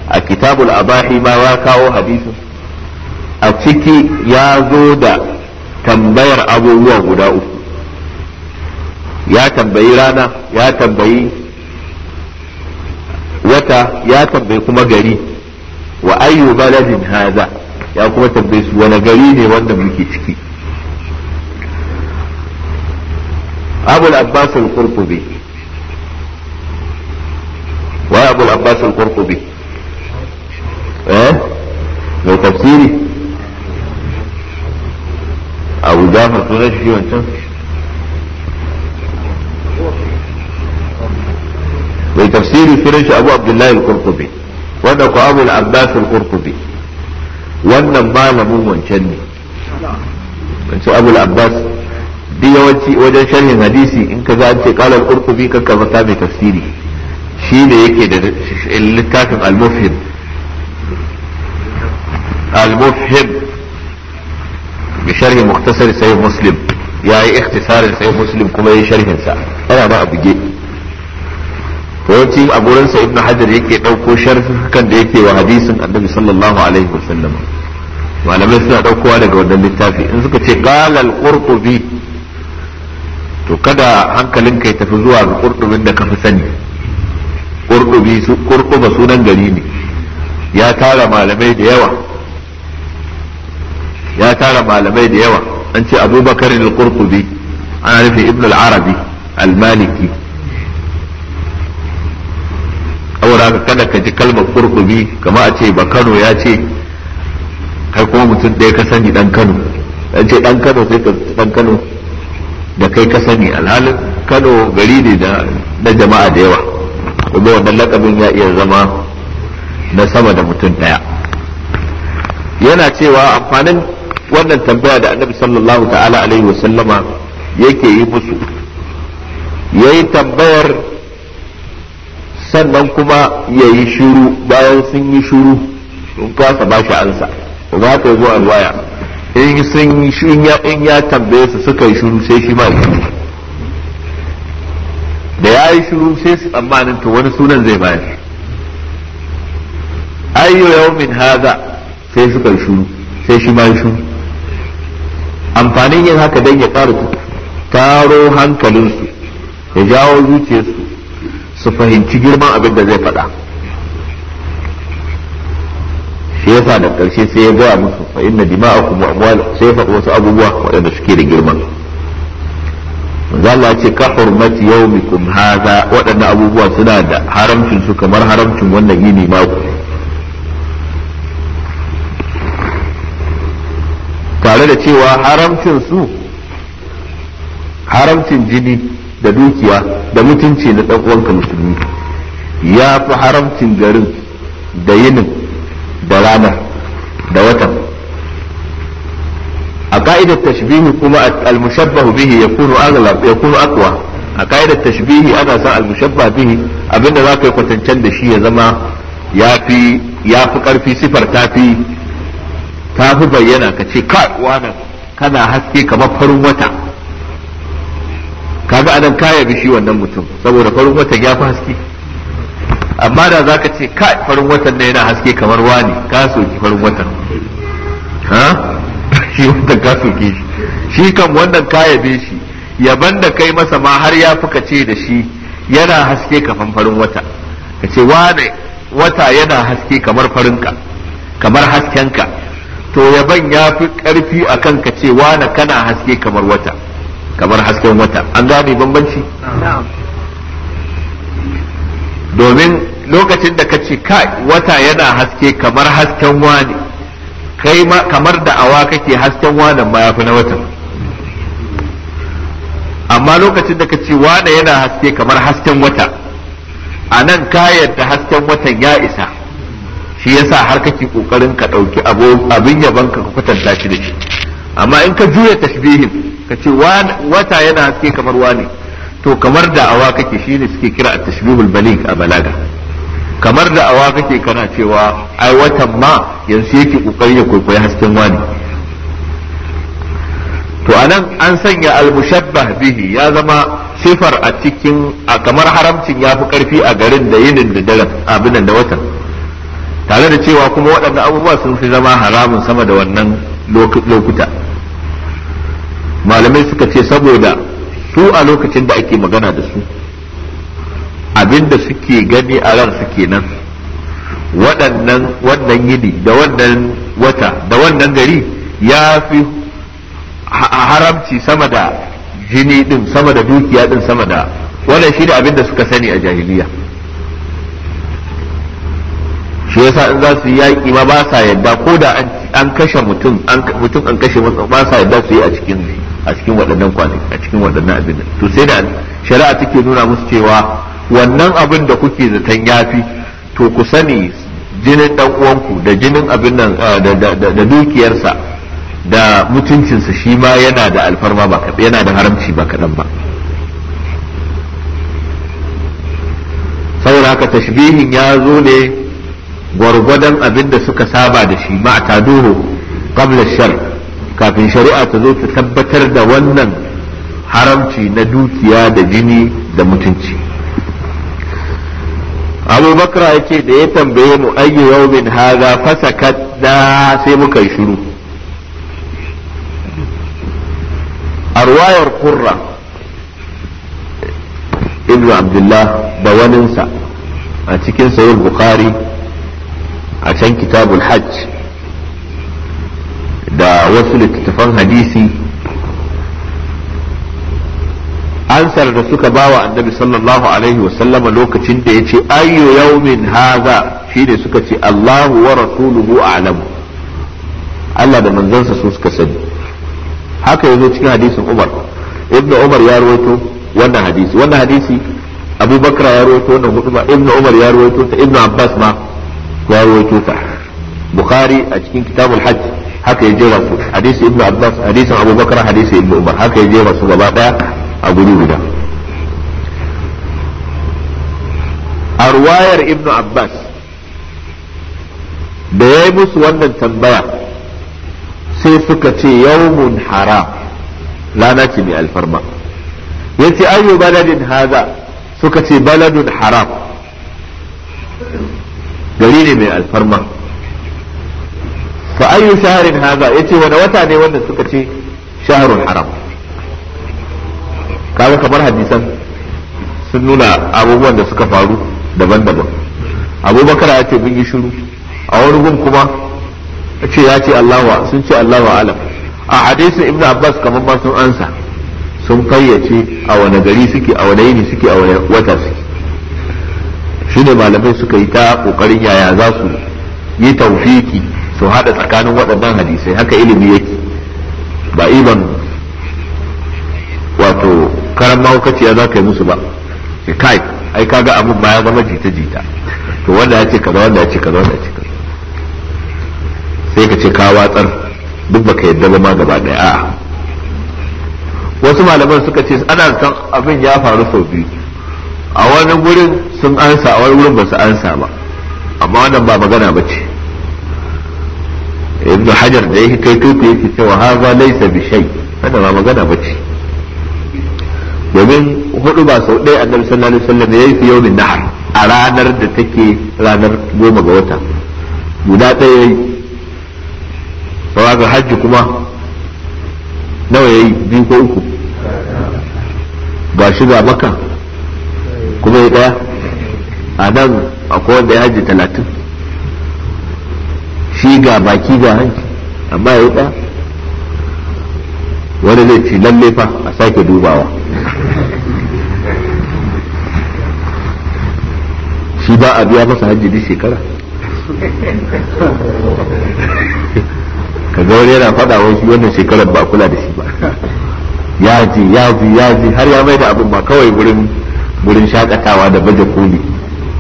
a kitabul abahi ma ya kawo hadisin a ciki ya zo da tambayar abubuwa guda uku ya tambayi rana ya tambayi wata ya tambayi kuma gari wa ayyu baladin haza ya kuma tambayi su wani gari ne wanda muke ciki abul abbas al-qurtubi wa abul abbas al-qurtubi ايه لو تفسيري أبو جعفر قريش في وانتم بتفسير قريش أبو عبد الله القرطبي ودك أبو العباس القرطبي وانا ما لم من شني أبو العباس دي وجه شرح حديثي إن كذا أنت قال القرطبي ككذا تابي تفسيري شيء يكيد اللي كاتب المفهم المفهم بشرح مختصر سيد مسلم يعني اختصار سيد مسلم كما يشرح سا أنا ما أبجي yawanci a gurinsa ibn hajar yake ɗauko sharhukan da yake wa hadisin annabi sallallahu alaihi wasallam malamai suna ɗaukowa daga wannan littafi in suka ce qala al-qurtubi to kada hankalin kai tafi zuwa ga qurtubin da kafi sani qurtubi su qurtuba sunan gari ne ya tara malamai da yawa ya tara malamai da yawa an ce abubakar al-qurtubi ana nufin ibn al-arabi al-maliki aura ka kada ka ji kalmar kurkubi kama a ce ba kano ya ce kai kuma mutum ɗaya ka sani dan kano ɗan ce dan kano sai ka kano da kai ka sani alhalin kano gari ne na jama'a da yawa kuma wannan lakabin ya iya zama na sama da mutum ɗaya yana cewa amfanin wannan tambaya da annabi sallallahu ta'ala alaihi wa sallama yake yi musu yayi tambayar sannan kuma yayi shiru bayan sun yi shiru sun kasa ba shi ansa za ka zo alwaya in sun in ya in ya tambaye su suka yi shiru sai shi ma yi shiru da ya yi shiru sai su tsammanin to wani sunan zai bayar ayyo yawmin haza sai suka yi shiru sai shi ma yi shiru amfanin yin haka don ya ƙara taro hankalinsu ya jawo zuciyarsu su fahimci girman abin da zai faɗa shi yasa da ƙarshe sai ya gaya musu fa inna dima'akum wa amma sai wasu abubuwa waɗanda suke da girman. zalla ce ka hurmati yaumikum hadha waɗannan abubuwa suna da haramcin su kamar haramcin wannan yini maku tare da cewa haramcin su haramcin jini da dukiya da mutunci na ɗan uwanka musulmi ya fi haramcin garin da yinin da ranar da watan a ka'idar tashbihi kuma al-mushabbahu bihi yakunu aghlab yakunu aqwa a ka'idar tashbihi ana san al-mushabba bihi abinda zaka yi kwatancen da shi ya zama ya fi karfi sifar tafi ta fi bayyana ka ce kai wannan kana haske kamar farin wata kaga anan ka bi shi wannan mutum saboda farin watan ya fi haske amma da za ka ce kai farin watan ne yana haske kamar wani ka soki farin watan ha shi watan ka soke shi shi kan wannan ka bi shi yaban da kai masa ma har ya fi kace da shi yana haske kafan farin wata Ka ce wane wata yana haske kamar farinka kamar haskenka to yaban ya fi ƙarfi a kanka ka ce wane kana haske kamar wata kamar hasken wata an gane bambanci domin lokacin da ka ce kai wata yana haske kamar hasken wane kai kamar da awa kake hasken wane ma ya fi na watan amma lokacin da ka ce wane yana haske kamar hasken wata a nan kayar da hasken watan ya isa shi yasa har kake kokarin ka dauki abin yaban ka kwatanta shi da shi amma in ka juya tashbihin ka ce wata yana haske kamar wani to kamar da awa kake shine suke kira at-tashbihul balig a balaga kamar da awa kake kana cewa ai watan ma yanzu yake kokari ya kwaikwayi hasken wani to anan an sanya al-mushabbah bihi ya zama sifar a cikin a kamar haramcin ya fi karfi a garin da yinin da daren abin da watan tare da cewa kuma waɗanda abubuwa sun fi zama haramun sama da wannan lokuta malamai suka ce saboda su a lokacin da ake magana da su abinda suke gani a ran suke nan, waɗannan wannan yini da wannan wata da wannan gari ya fi haramci sama da jini ɗin sama da dukiya ɗin, sama da wannan shi da abinda suka sani a jahiliya shi yasa in za su yi yaƙi ma ba sa yadda ko da an kashe mutum mutum an kashe masa ba sa yadda su yi a cikin a cikin waɗannan kwanaki a cikin waɗannan abin to sai da shari'a take nuna musu cewa wannan abin da kuke zaton yafi to ku sani jinin dan uwanku da jinin abin nan ah, da dukiyarsa da mutuncinsa shi ma yana da alfarma ba yana da haramci ba kaɗan ba saboda haka tashbihin ya zo ne gwargwadon abin da suka saba da shi ma ta duhu qabla shar kafin shari'a ta zo ta tabbatar da wannan haramci na dukiya da jini da mutunci abu bakra yake da ya tambaye mu ayyu yawmin haza fasakat da sai muka yi shiru arwayar kurra ibnu abdullah da waninsa a cikin sayar bukhari a can kitabul hajj da wasu littattafan hadisi ansar da suka bawa annabi sallallahu alaihi wasallama lokacin da ya ce ayyo yaumin haza shi ne suka ce Allahu wa rasuluhu a'lamu Allah da manzansa su suka sani haka yanzu cikin hadisin Umar ibnu Umar ya rawaito wannan hadisi wannan hadisi Abu Bakra ya rawaito wannan hutuba ibnu Umar ya rawaito ta ibnu Abbas ma ta bukhari a cikin kitabul hajj haka ya jera su hadisi ibnu abbas hadisin abubakar hadisi ibnu umar haka ya jera su gaba daya a guri guda a ruwayar ibnu abbas da ya yi musu wannan tambaya sai suka ce yawmun haram rana ce mai alfarma ya ce ayyu baladin haza suka ce baladun haram gari ne mai alfarma fa ayyu shahrin haza yace wani wata ne wanda suka ce shahrul haram kaga kamar hadisan sun nuna abubuwan da suka faru daban-daban abubakar ya ce mun yi shiru a wani gun kuma ce ya ce allawa sun ce allawa alam a hadisin ibn abbas kamar ba sun ansa sun fayyace a wani gari suke a wani yini suke a wani wata suke shi ne malamai suka yi ta kokarin yaya za su yi taufiki su hada tsakanin waɗannan hadisai haka ilimi yake ba iban wato karan mahaukaciya za ka yi musu ba kai ai kaga abin ba ya zama jita jita to wanda ya ce kaza wanda ya ce kaza wanda ya ce kaza sai ka ce ka watsar duk baka yadda ba ma gaba daya a'a wasu malaman suka ce ana san abin ya faru sau biyu a wani gurin sun ansa a wani gurin ba su ansa ba amma wannan ba magana ba ce ibnu hajar da yake kai tuku yake cewa haza laisa bi shay wannan ba magana ba ce domin hudu ba sau ɗaya annabi sallallahu alaihi wasallam yayi fi yawmin nahar a ranar da take ranar goma ga wata guda ɗaya yayi sauran hajji kuma nawa yayi biyu ko uku ba shi ga makka kuma ya daya a nan akwai wanda ya hajji talatin shi ga baki ga hanci amma ya daya wani zai ci lalle fa a sake dubawa shi ba a biya masa hajji duk shekara kaga wani yana faɗa wa shi wannan shekarar ba kula da shi ba ya ji ya ji ya ji har ya mai da abin ba kawai wurin wurin shakatawa da baje koli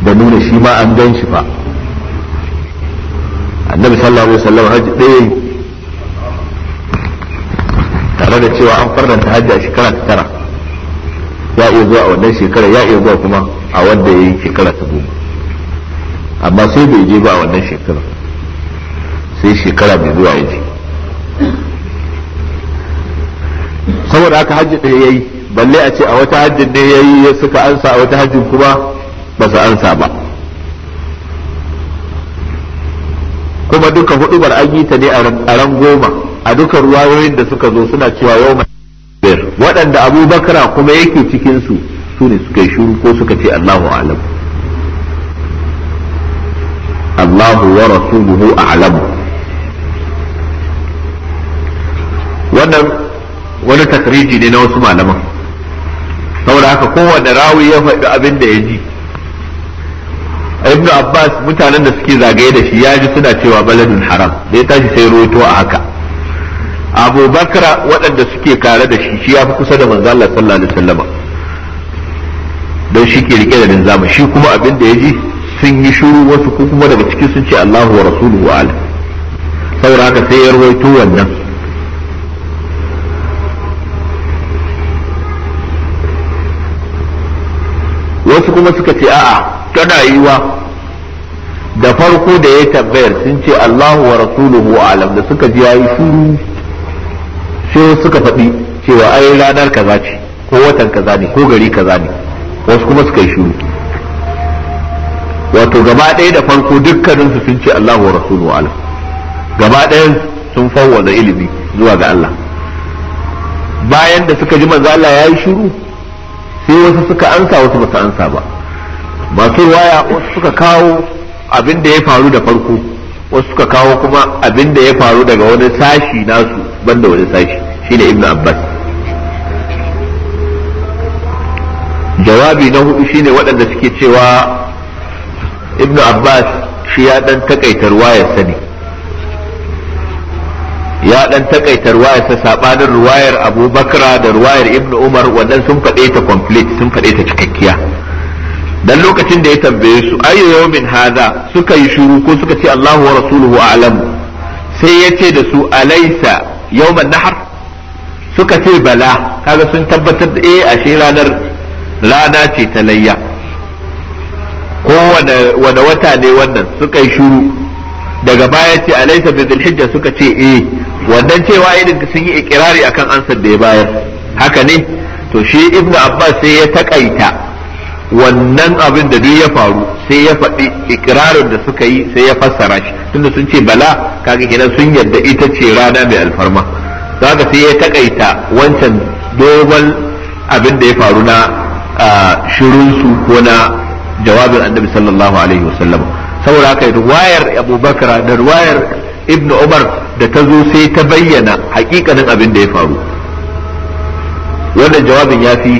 da nuna shi ma an gan shi fa annabi sallallahu alaihi wasallam hajji ɗaya tare da cewa an farnanta hajji a shekara ta tara ya iya zuwa a wannan shekara ya iya zuwa kuma a wanda ya yi shekara ta goma amma sai bai je ba a wannan shekara sai shekara bai zuwa ya je saboda haka hajji ɗaya ya yi balle a ce a wata hajjin ne yayi ya suka ansa a wata hajjin kuma ba su ansa ba kuma duka bar an yi ta ne a ran goma a duka ruwayoyin da suka zo suna cewa yau mai waɗanda abubakara kuma yake cikinsu su ne suka yi shuru ko suka ce allahu alam allahu wa rasuluhu Alam. wannan wani takriji ne na wasu malaman saboda haka kowane rawi ya faɗi abin da ya ji ibnu abbas mutanen da suke zagaye da shi ya ji suna cewa baladun haram da ya tashi sai ruwaito a haka abu bakra waɗanda suke kare da shi shi ya fi kusa da manzo Allah sallallahu alaihi wasallam don shi ke rike da linzama shi kuma abin da ya ji sun yi shiru wasu kuma daga ciki sun ce Allahu wa rasuluhu ala saboda haka sai ya ruwaito wannan wasu kuma suka ce a'a tana yiwa da farko da ya tambayar sun ce Allahu wa rasuluhu alam da suka ji yayi shiru sai suka faɗi cewa ai ranar kaza ce ko watan kaza ne ko gari kaza ne wasu kuma suka yi shiru wato gaba ɗaya da farko dukkaninsu sun ce Allahu wa rasuluhu alam gaba ɗaya sun fawwada ilimi zuwa ga Allah bayan da suka ji manzo Allah yayi shiru sai wasu suka ansa wasu ba su ansa ba masu waya wasu suka kawo abin da ya faru da farko wasu suka kawo kuma abin da ya faru daga wani sashi nasu banda wani sashi shine ibnu abbas jawabi na hudu shine waɗanda suke cewa ibnu abbas shi ya dan takaitar wayar sani ya dan takaita ruwayar sa sabanin ruwayar Abu Bakra da ruwayar Ibn Umar wannan sun faɗe ta complete sun faɗe ta cikakkiya dan lokacin da ya tambaye su ayu yawmin hadha suka yi shuru ko suka ce Allahu wa rasuluhu a'lam sai ya ce da su alaysa yawman nahar suka ce bala kaga sun tabbatar da eh ashe ranar rana ce ta layya ko wada wata ne wannan suka yi shuru daga baya ce alaysa bi dhilhijja suka ce eh wannan cewa irin sun yi ikirari akan ansar da ya bayar haka ne to shi ibnu abbas sai ya takaita wannan abin da duk ya faru sai ya faɗi ikirarin da suka yi sai ya fassara shi tunda sun ce bala kaga kenan sun yarda ita ce rana mai alfarma zaka sai ya takaita wancan dogon abin da ya faru na su ko na jawabin annabi sallallahu alaihi wasallam saboda haka wayar abubakar da wayar. ibnu umar da ta zo sai ta bayyana hakikanin abin da ya faru wannan jawabin ya fi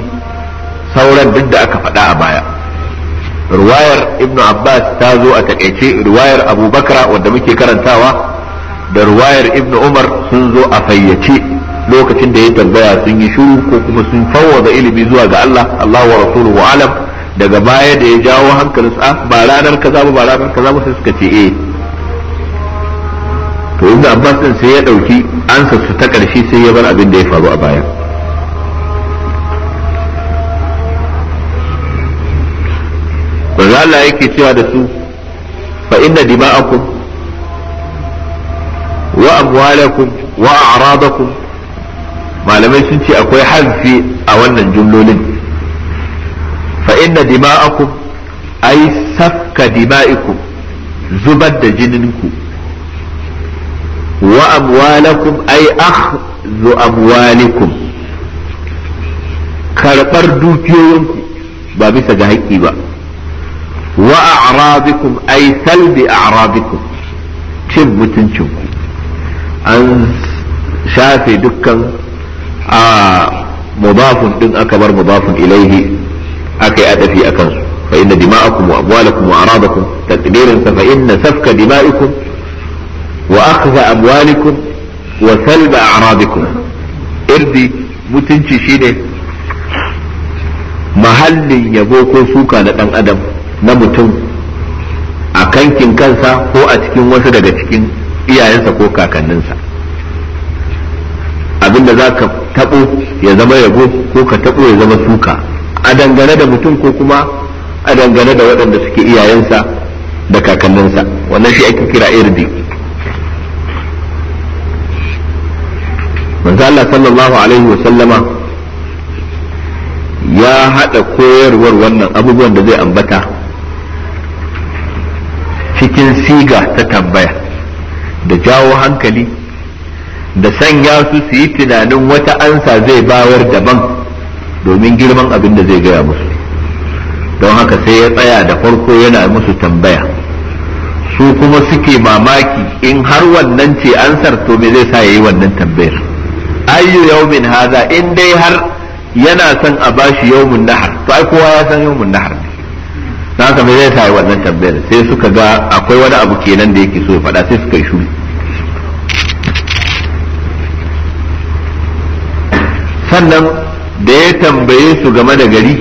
sauran duk da aka faɗa a baya ruwayar ibnu abbas ta zo a takaice ruwayar abubakar wadda muke karantawa da ruwayar ibnu umar sun zo a fayyace lokacin da ya tambaya sun yi shuru ko kuma sun fawwaza ilimi zuwa ga allah allah wa wa alam daga baya da ya jawo sa ah, ba ranar kaza ba ba ranar kaza ba sai suka ce eh to yanzu abbas din sai ya ɗauki ansa su ta karshe sai ya bar abin da ya faru a baya manzo Allah yake cewa da su fa inna dima'akum wa amwalakum wa a'radakum malamai sun ce akwai harfi a wannan jumlolin fa inna dima'akum ay safka dima'ikum zubar da jininku ku wa amwalakum ay akhdhu amwalikum karbar dukiyoyinku ba bisa ga haƙƙi ba wa a'radikum ay salbi a'radikum cin mutuncinku an shafe dukkan a mudafun din aka bar mudafun ilaihi aka yi adafi akan su fa inna dima'akum wa amwalakum wa a'radakum taqdirin fa inna safka dima'ikum وأخذ أموالكم وسلب أعراضكم إردي mutunci shine mahallin yabo ko suka na ɗan adam na mutum a kankin kansa ko a cikin wasu daga cikin iyayensa ko kakanninsa abinda za ka taɓo ya zama yabo ko ka taɓo ya zama suka a dangane da mutum ko kuma a dangane da waɗanda suke iyayensa da kakanninsa wannan shi ake kira irdi manzo Allah sallallahu alaihi wa sallama ya hada koyarwar wannan abubuwan da zai ambata cikin siga ta tambaya da jawo hankali da sanya su su yi tunanin wata ansa zai bayar daban domin girman abin da zai gaya musu don haka sai ya tsaya da farko yana musu tambaya su kuma suke mamaki in har wannan ce ansar to me zai sa ya yi wannan tambayar ayyu yawmin haza in dai har yana son a bashi yawmun nahar to ai kowa ya san yawmun nahar ne na haka me zai sai wannan tambayar sai suka ga akwai wani abu kenan da yake so ya faɗa sai suka yi shuru sannan da ya tambaye su game da gari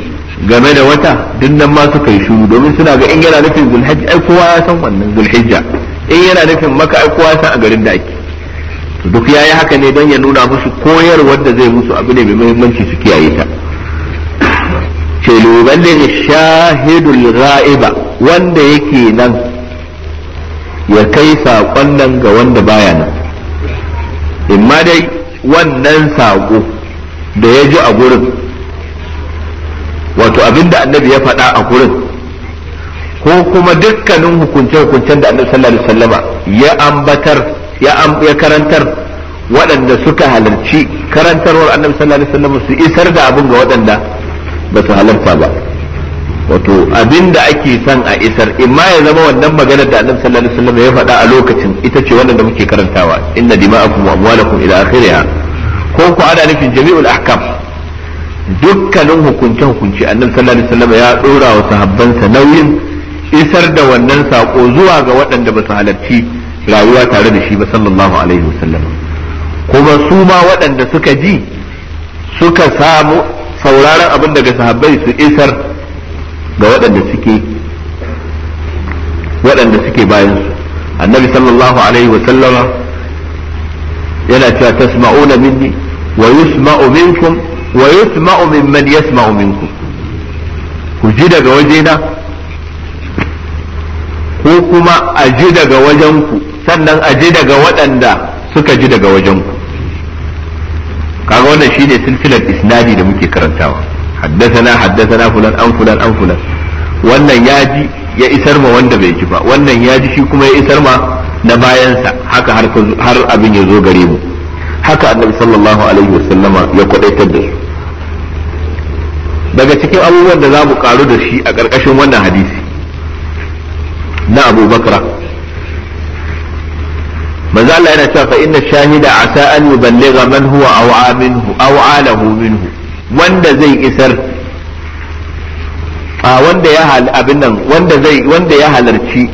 game da wata duk nan ma suka yi shuru domin suna ga in yana nufin zulhijja ai kowa ya san wannan zulhijja in yana nufin maka ai kowa ya san a garin da ake to duk yayi haka ne don ya nuna musu koyar wanda zai musu abu ne mai muhimmanci su kiyaye ta ce lubalin shahidul ra'iba wanda yake nan ya kai saƙon nan ga wanda baya nan imma dai wannan saƙo da ya ji a gurin wato abinda annabi ya faɗa a gurin ko kuma dukkanin hukunce-hukuncen da annabi sallallahu alaihi wasallama ya ambatar ya karantar waɗanda suka halarci karantarwar annabi sallallahu alaihi wasallam su isar da abin ga waɗanda ba su halarta ba wato abin da ake son a isar imma ya zama wannan magana da annabi sallallahu alaihi wasallam ya faɗa a lokacin ita ce wannan da muke karantawa inna dima'akum wa amwalakum ila akhiriha ko ku ana nufin jami'ul ahkam dukkanin hukunce hukunci annabi sallallahu alaihi wasallam ya dora wa sahabbansa nauyin isar da wannan sako zuwa ga waɗanda ba su halarci rayuwa tare da shi ba sallallahu alaihi wasallam kuma su ma waɗanda suka ji suka samu sauraron abin daga sahabbai su isar ga waɗanda suke waɗanda suke bayan su annabi sallallahu alaihi wasallama yana cewa tasma'una minni wa yusma'u minkum wa yusma'u mimman yasma'u minkum ku ji daga wajena ko kuma a ji daga ku. sannan a ji daga waɗanda suka ji daga wajen ku kaga wannan shine silsilar isnadi da muke karantawa haddathana haddathana fulan an fulan an fulan wannan ya ji ya isar ma wanda bai ji ba wannan ya ji shi kuma ya isar ma na bayansa haka har abin ya zo gare mu haka annabi sallallahu alaihi wasallama ya kwadaitar da su daga cikin abubuwan da za mu karu da shi a ƙarƙashin wannan hadisi na abubakar. manzo Allah yana cewa fa inna shahida asa an yuballigha man huwa aw minhu aw alahu minhu wanda zai isar a wanda ya hal abin nan wanda zai wanda ya halarci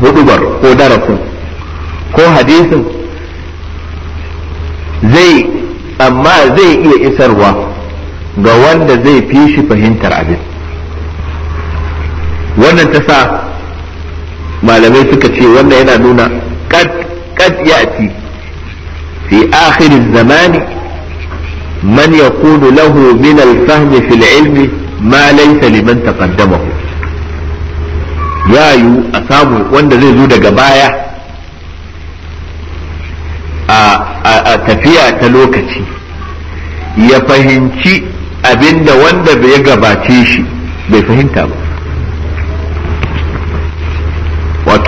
hudubar ko darasin ko hadisin zai amma zai iya isarwa ga wanda zai fi shi fahimtar abin wannan ta sa malamai suka ce wannan yana nuna قد قد يأتي zamani. آخر الزمان من يكون له من الفهم في العلم ما ليس لمن تقدمه ya yiwu a samu wanda zai zo daga baya a tafiya ta lokaci ya fahimci abinda wanda ya gabace shi bai fahimta ba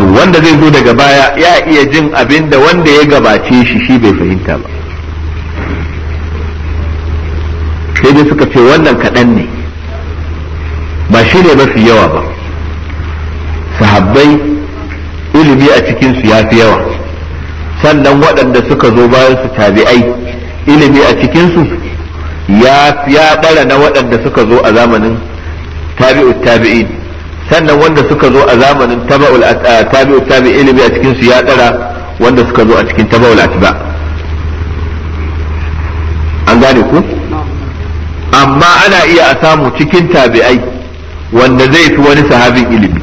wato wanda zai zo daga baya ya iya jin abin da wanda ya gabace shi shi bai fahimta ba sai dai suka ce wannan kaɗan ne ba shi ne mafi yawa ba sahabbai ilimi a cikinsu ya fi yawa sannan waɗanda suka zo bayan su tabi'ai ilimi a cikinsu ya ɓara na waɗanda suka zo a zamanin tabi'ut tabi'in sannan wanda suka zo a zamanin tabi'ul tabi'u tabi'in ilimi a cikin su ya tsara wanda suka zo a cikin tabi'ul atba an gane ku amma ana iya a samu cikin tabi'ai wanda zai fi wani sahabin ilimi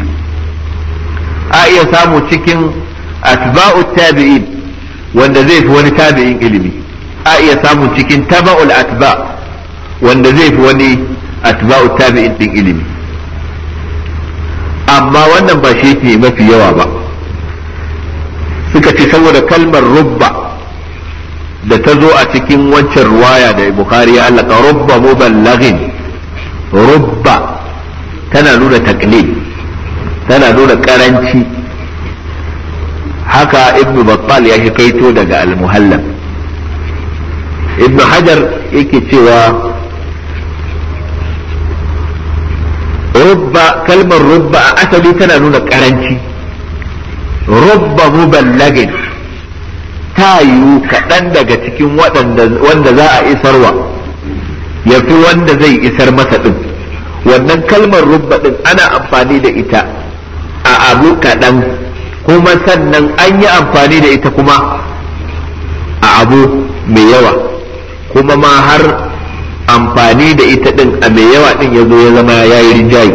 a iya samu cikin atba'u tabi'in wanda zai fi wani tabi'in ilimi a iya samu cikin tabi'ul atba wanda zai fi wani atba'u tabi'in din ilimi amma wannan ba shi ne mafi yawa ba suka ce saboda kalmar rubba da ta zo a cikin wancan ruwaya da bukari ya allaka rubba muballaghin rubba tana nuna taklid tana nuna karanci haka ibnu battal ya kaito daga al-muhallab ibnu hajar yake cewa rubba kalmar rubba a asali tana nuna ƙaranci rubba muballagin ta yiwu kaɗan daga cikin wanda za a isarwa ya fi wanda zai isar masa ɗin wannan kalmar rubba ɗin ana amfani da ita a abu kaɗan kuma sannan an yi amfani da ita kuma a abu mai yawa kuma ma har amfani da ita din a mai yawa din ya zo ya zama ya yi rinjaye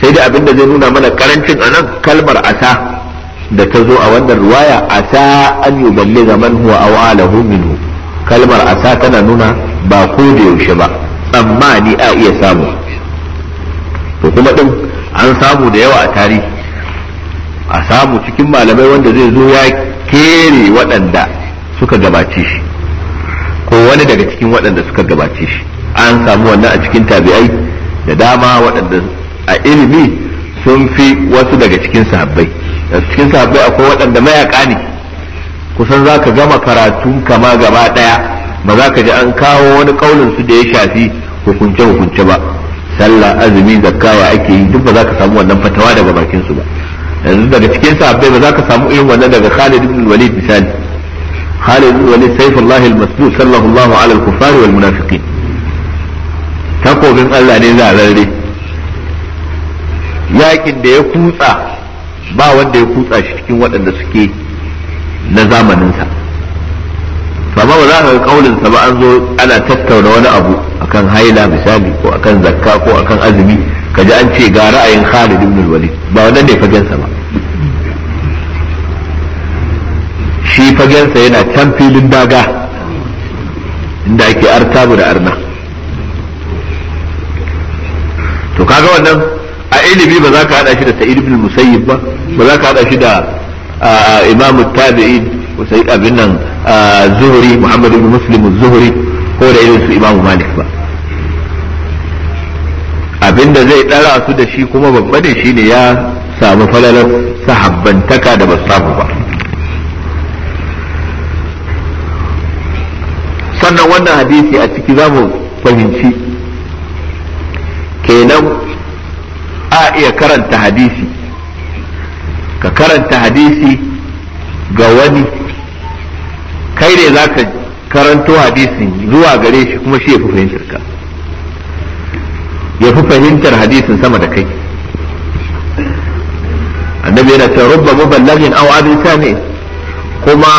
sai da abin da zai nuna mana karancin anan kalmar asa da ta zo a wannan ruwaya asa an yi balle zaman huwa a wa'ala minhu kalmar asa tana nuna ba ko da yaushe ba amma ni a iya samu to kuma din an samu da yawa a tarihi a samu cikin malamai wanda zai zo ya kere waɗanda suka gabace shi ko wani daga cikin waɗanda suka gabace shi an samu wannan a cikin tabi'ai da dama waɗanda a ilimi sun fi wasu daga cikin sahabbai da cikin sahabbai akwai waɗanda mayaka ne kusan za ka gama karatu kama gaba ɗaya ba za ka ji an kawo wani kaulin su da ya shafi hukunce hukunce ba sallah azumi zakkawa ake yi duk ba za ka samu wannan fatawa daga bakin su ba yanzu daga cikin sahabbai ba za ka samu irin wannan daga Khalid ibn Walid misali خالد ولي سيف الله المسبوط صلى الله على الكفار والمنافقين تقو من الله نزع ذلك yakin da ya kutsa ba wanda ya kutsa shi cikin waɗanda suke na zamaninsa amma ba za ka ga ba an zo ana tattauna wani abu akan haila misali ko akan zakka ko akan azumi kaji an ce ga ra'ayin Khalid ibn Walid ba wannan ne fagensa ba fagensa yana can filin daga inda ake artabu da arna to kaga wannan a ilimi ba za ka hada shi da sa'id ibn musayyib ba ba za ka hada shi da imamu tabi'in musayyib abin nan zuhri muhammad ibn muslim zuhri ko da irin su imam malik ba abinda zai dara su da shi kuma babba ne shine ya samu falalar sahabbantaka da ba ba sannan wannan hadisi a ciki za mu fahimci kenan a iya karanta hadisi ka karanta hadisi ga wani kai ne za ka karanto hadisin zuwa gare shi kuma shi ya fi fahimtar ka ya fi fahimtar hadisin sama da kai annabi yana cewa rubba muballagin awa abin sami kuma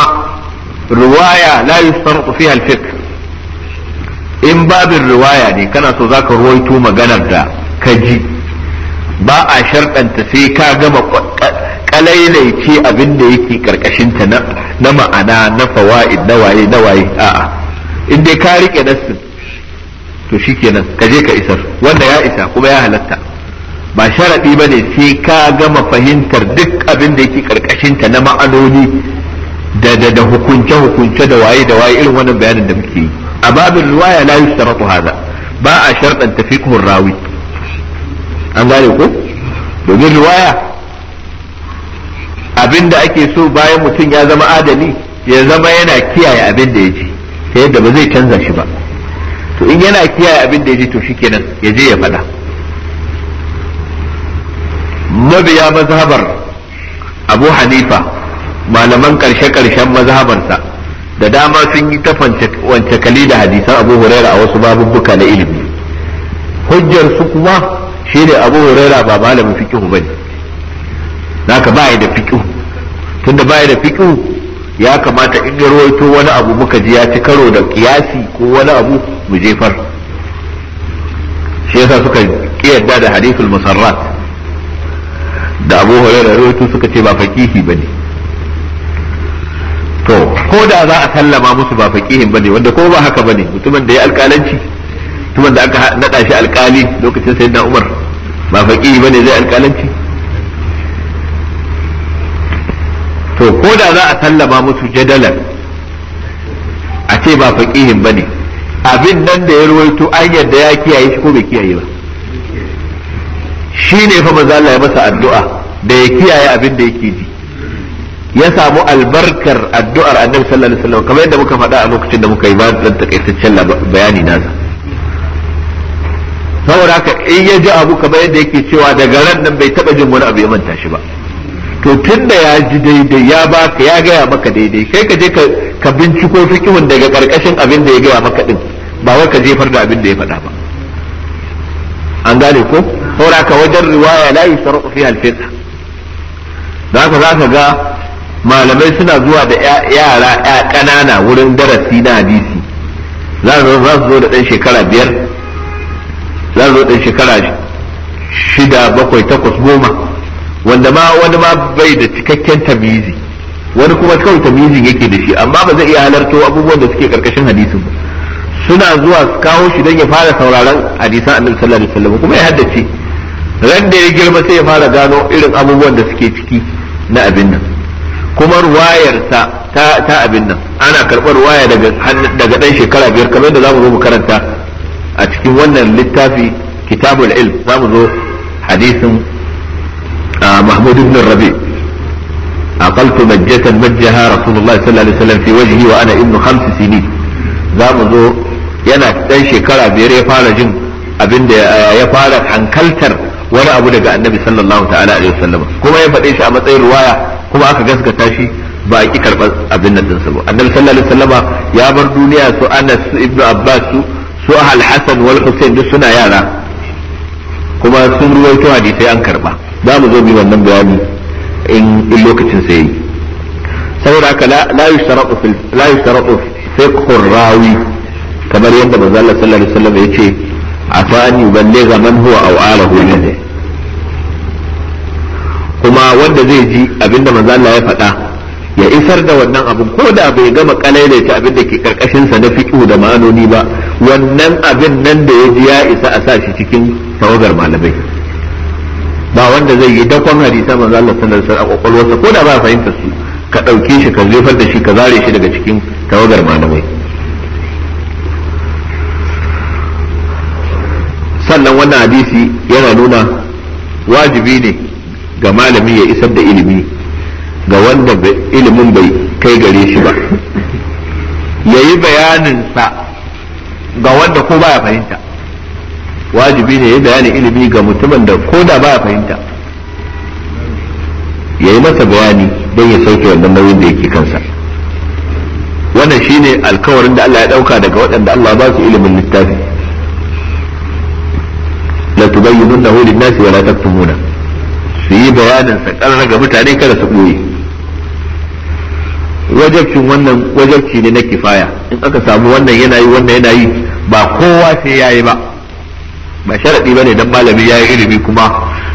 ruwaya la yusfarqu fiha al in babin riwaya ne kana so za ka ruwaito maganar da ka ji ba a sharɗanta sai ka gama kalailaice abin da yake ƙarƙashinta na ma'ana na fawa'id na waye na waye a'a in dai ka riƙe nassin to shikenan ka je ka isar wanda ya isa kuma ya halatta ba sharaɗi ba ne sai ka gama fahimtar duk abin da yake ƙarƙashinta na ma'anoni da da hukunce hukunce da waye da waye irin wannan bayanin da muke yi a babin riwaya la yustaratu hada ba a sharɗan tafi rawi an gane ko domin riwaya abinda ake so bayan mutum ya zama adali ya zama yana kiyaye abin da ya ji ta yadda ba zai canza shi ba to in yana kiyaye abinda da ya ji to shikenan ya je ya faɗa mabiya mazhabar abu hanifa malaman ƙarshe-ƙarshen mazhabarsa da dama sun yi ta wance kali da hadisan abu huraira a wasu babubbuka na ilimi hujjar su kuma shi ne abu huraira ba malamin ba ne. naka ba da fikihu tunda ba da fikihu ya kamata in ya rawaito wani abu muka ji ya ci karo da kiyasi ko wani abu mu jefar shi yasa suka kiyarda da hadithul musarrat da abu huraira rawaito suka ce ba fakihi bane to ko da za a sallama musu ba faqihin bane wanda ko ba haka bane mutumin da ya alƙalanci mutumin da aka nada shi alƙali lokacin sayyidina Umar ba faqihi bane zai alƙalanci to ko da za a sallama musu jadalan a ce ba faqihin bane abin nan da ya ruwaito an yadda ya kiyaye shi ko bai kiyaye ba shi ne fa manzo Allah ya masa addu'a da ya kiyaye abin da yake ji ya samu albarkar addu'ar annabi sallallahu alaihi wasallam kamar yadda muka faɗa a lokacin da muka yi bayan takaitaccen bayani nasa saboda haka in ya ji abu kamar yadda yake cewa daga ran nan bai taba jin wani abu ya manta shi ba to tunda ya ji daidai ya baka ya gaya maka daidai kai ka je ka binciko fikihun daga karkashin abin da ya gaya maka din ba wai ka jefar da abin da ya faɗa ba an gane ko saboda haka wajen riwaya la yusarru fiha al-fiqh da haka ka ga malamai suna zuwa da yara ya ƙanana wurin darasi na hadisi za su zo da ɗan shekara biyar za su zo ɗan shekara shida bakwai takwas goma wanda ma wani ma bai da cikakken tamizi wani kuma kawai tamizin yake da shi amma ba zai iya halarto abubuwan da suke karkashin hadisin ba suna zuwa su kawo shi don ya fara sauraron hadisan annabi sallallahu alaihi wasallam kuma ya haddace ran da ya girma sai ya fara gano irin abubuwan da suke ciki na abin nan kuma wayarsa ta ta abin nan ana karɓar waya daga daga ɗan shekara biyar kamar yadda zamu zo mu karanta a cikin wannan littafi kitabul ilm zamu zo hadisin mahmud ibn rabi aqaltu majjatan majjaha rasulullah sallallahu alaihi wasallam fi wajhi wa ana ibnu khams sinin zamu zo yana ɗan shekara biyar ya fara jin abin da ya fara hankaltar wani abu daga annabi sallallahu ta'ala alaihi wasallam kuma ya faɗe shi a matsayin ruwaya kuma aka gaskata shi ba a ki karɓar abin nan ɗinsa ba annabi sallallahu alaihi wasallama ya bar duniya su anas su ibnu abbas su su al-hasan wal husain duk suna yara kuma sun ruwaito hadisai an karba za mu zo bi wannan bayani in lokacin sai yi saboda haka la yushtaratu fil la yushtaratu fiqh rawi kamar yadda manzo Allah sallallahu alaihi wasallam yace afani balligha man huwa aw alahu minhu kuma wanda zai ji abinda manzo Allah ya faɗa ya isar da wannan abin ko da bai gama ta abin da ke karkashin sa na fiqhu da ma'anoni ba wannan abin nan da ya ji ya isa a sa shi cikin tawagar malamai ba wanda zai yi dakon hadisa manzo Allah sallallahu alaihi wasallam a sa ko da ba fahimta su ka dauke shi ka zefar da shi ka zare shi daga cikin tawagar malamai sannan wannan hadisi yana nuna wajibi ne ga malami ya isar da ilimi ga wanda ilimin bai kai gare shi ba ya yi bayaninsa ga wanda ko baya fahimta wajibi ne ya bayanin ilimi ga mutumin da ko da baya fahimta ya yi masa bayani don ya sauke wannan nauyin da yake kansa wannan shine alkawarin da Allah ya dauka daga waɗanda Allah ba su ilimin littafi la tubayyinunnahu lin-nasi wa la taktumuna su yi bayanin sa ƙarar ga mutane kada su ɓoye wajabcin wannan wajabci ne na kifaya in aka samu wannan yana yi wannan yana yi ba kowa sai ya yi ba ba sharaɗi ba ne don malami ya yi ilimi kuma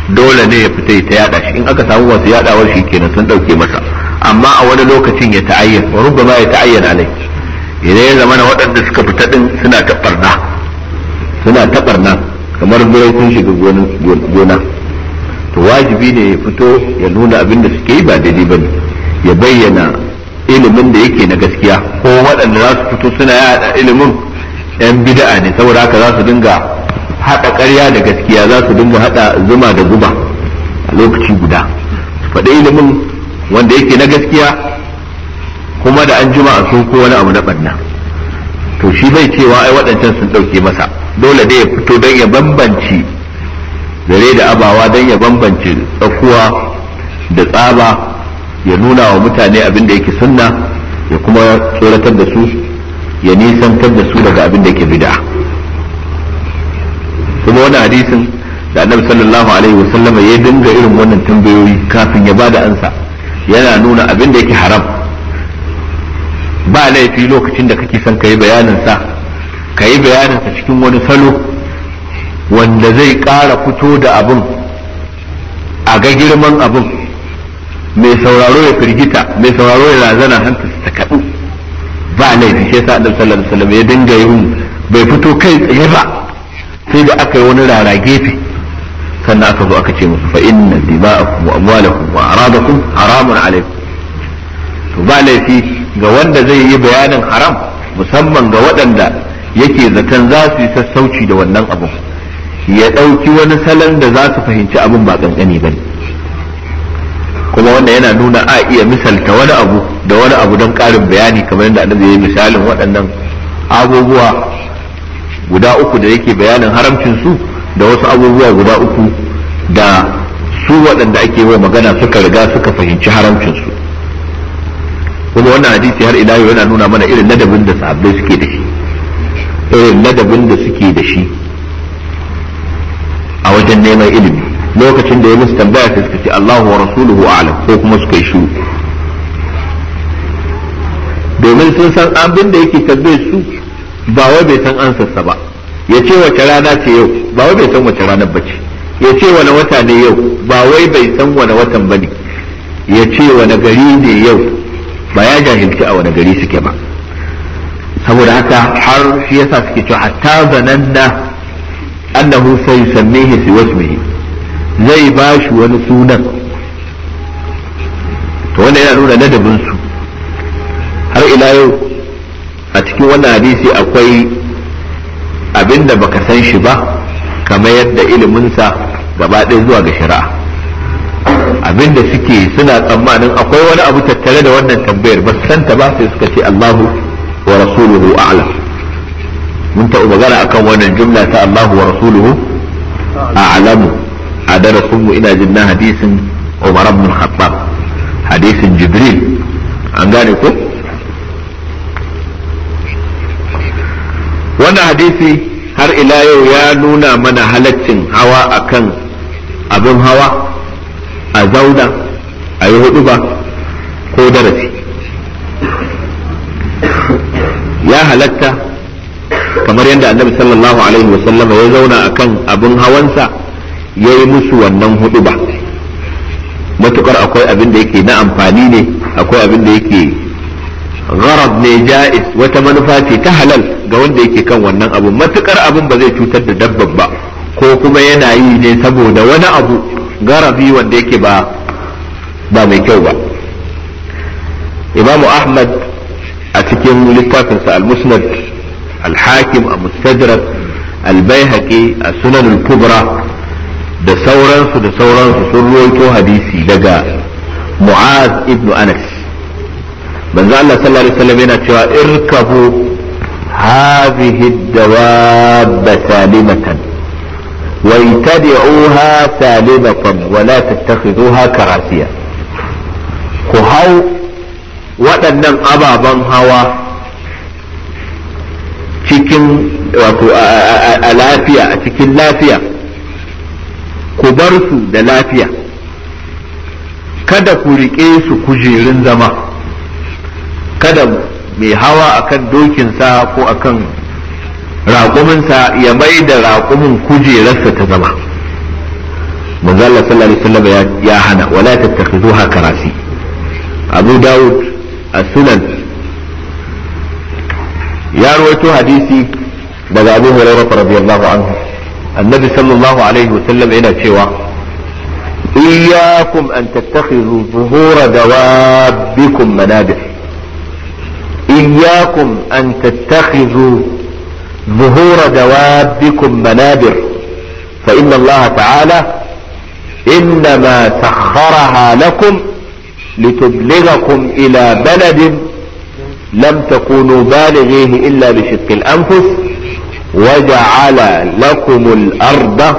dole ne ya fita ya yada shi in aka samu wasu yadawar shi kenan sun ɗauke masa amma a wani lokacin ya ta'ayyan wa rubbama ya ta'ayyan alai idan ya zama waɗanda suka fita din suna taɓarna suna taɓarna kamar gurai sun shiga gona to wajibi ne ya fito ya nuna abin da suke yi ba daidai bane ya bayyana ilimin da yake na gaskiya ko waɗanda za su fito suna yaɗa ilimin yan bid'a ne saboda haka za su dinga haɗa ƙarya da gaskiya za su dinga haɗa zuma da guba a lokaci guda faɗi ilimin wanda yake na gaskiya kuma da an jima a sun ko wani abu na ɓanna to shi bai cewa ai waɗancan sun ɗauke masa dole dai ya fito don ya bambanci zare da abawa don ya bambance tsakuwa da tsaba ya nuna wa mutane abin da yake sunna ya kuma tsoratar da su ya nisantar da su daga abin da yake bid'a kuma wani hadisin da annabi sallallahu alaihi wasallama ya dinga irin wannan tambayoyi kafin ya ba da ansa yana nuna abin da yake haram ba laifi lokacin da kake son ka yi bayaninsa ka yi bayanin cikin wani salo wanda zai ƙara fito da abin a ga girman abin mai sauraro ya firgita mai sauraro ya razana hanta ta kaɗu ba laifi shi yasa annabi sallallahu alaihi wasallam ya dinga yin bai fito kai tsaye ba sai da aka yi wani rara gefe sannan aka zo aka ce musu fa inna dima'akum wa amwalakum wa aradakum haramun alaikum to ba laifi ga wanda zai yi bayanin haram musamman ga waɗanda yake zaton za su yi sassauci da wannan abu ya ɗauki wani salon da za su fahimci abin ba kankani ba kuma wanda yana nuna a iya misalta wani abu da wani abu don ƙarin bayani kamar yadda annabi ya yi misalin waɗannan abubuwa guda uku da yake bayanin haramcin su da wasu abubuwa guda uku da su waɗanda ake wa magana suka riga suka fahimci haramcin su kuma wannan hadisi har ila yana nuna mana irin ladabin da sahabbai suke da shi irin ladabin da suke da shi a wajen neman ilimi lokacin da ya musu tambaya sai suka ce Allahu wa rasuluhu a'lam ko kuma suka yi shiru domin sun san abin da yake tambaye su ba wai bai san ansarsa ba ya ce wace rana ce yau ba wai bai san wace ranar ba ya ce wani wata ne yau ba wai bai san wani watan ba ne ya ce wani gari ne yau ba ya jahilci a wani gari suke ba saboda haka har shi yasa suke cewa hatta na. annahu sayusammihi siwasmihi zai ba shi wani sunan to wanda yana nuna ladabin su har ila yau a cikin wannan hadisi akwai abinda baka san shi ba kamar yadda iliminsa gaba ɗaya zuwa ga shari'a abinda suke suna tsammanin akwai wani abu tattare da wannan tambayar ba santa ba sai suka ce Allahu wa rasuluhu a'lam mun taɓa magana akan wannan jumla ta Allahu wa rasuluhu a'lamu a darasin mu ina jin na hadisin Umar ibn Khattab hadisin Jibril an gane ko wannan hadisi har ila yau ya nuna mana halaccin hawa akan abin hawa a zauna a yi hudu ba ko darasi ya halatta kamar yadda annabi sallallahu alaihi wa sallam ya zauna akan abin hawansa ya yi musu wannan hudu ba matukar akwai abin da yake na amfani ne akwai abin da yake gharab ne ja'iz wata manufa ce ta halal ga wanda yake kan wannan abu matukar abin ba zai cutar da dabban ba ko kuma yana yi ne saboda wani abu garabi wanda yake ba ba mai kyau ba imamu ahmad a cikin littafinsa al-musnad الحاكم أبو السدرك البيهقي السنن الكبرى da sauransu da sauransu sun ruwaito hadisi daga mu'az ibn anas banza Allah sallallahu alaihi wasallam yana cewa irkabu hadhihi dawabba salimatan wa itadi'uha salimatan wa la tattakhiduha karasiya ku hau waɗannan ababen hawa cikin wato a lafiya a cikin lafiya ku bar su da lafiya kada ku riƙe su kujerun zama kada mai hawa akan dokinsa ko akan raƙuminsa ya mai da raƙumin kujerarsa ta zama manzo sallallahu alaihi ya hana wala tattakhizuha karasi Abu Dawud as-Sunan ya rawaito hadisi daga Abu Hurairah radiyallahu anhu annabi sallallahu alaihi wasallam yana cewa iyyakum an tattakhidhu zuhura dawabikum manabih iyyakum an tattakhidhu ظهور دوابكم منابر فإن الله تعالى إنما سخرها لكم لتبلغكم إلى بلد lam takunu balighihi illa bi shiqqil anfus wa ja'ala lakum al-arda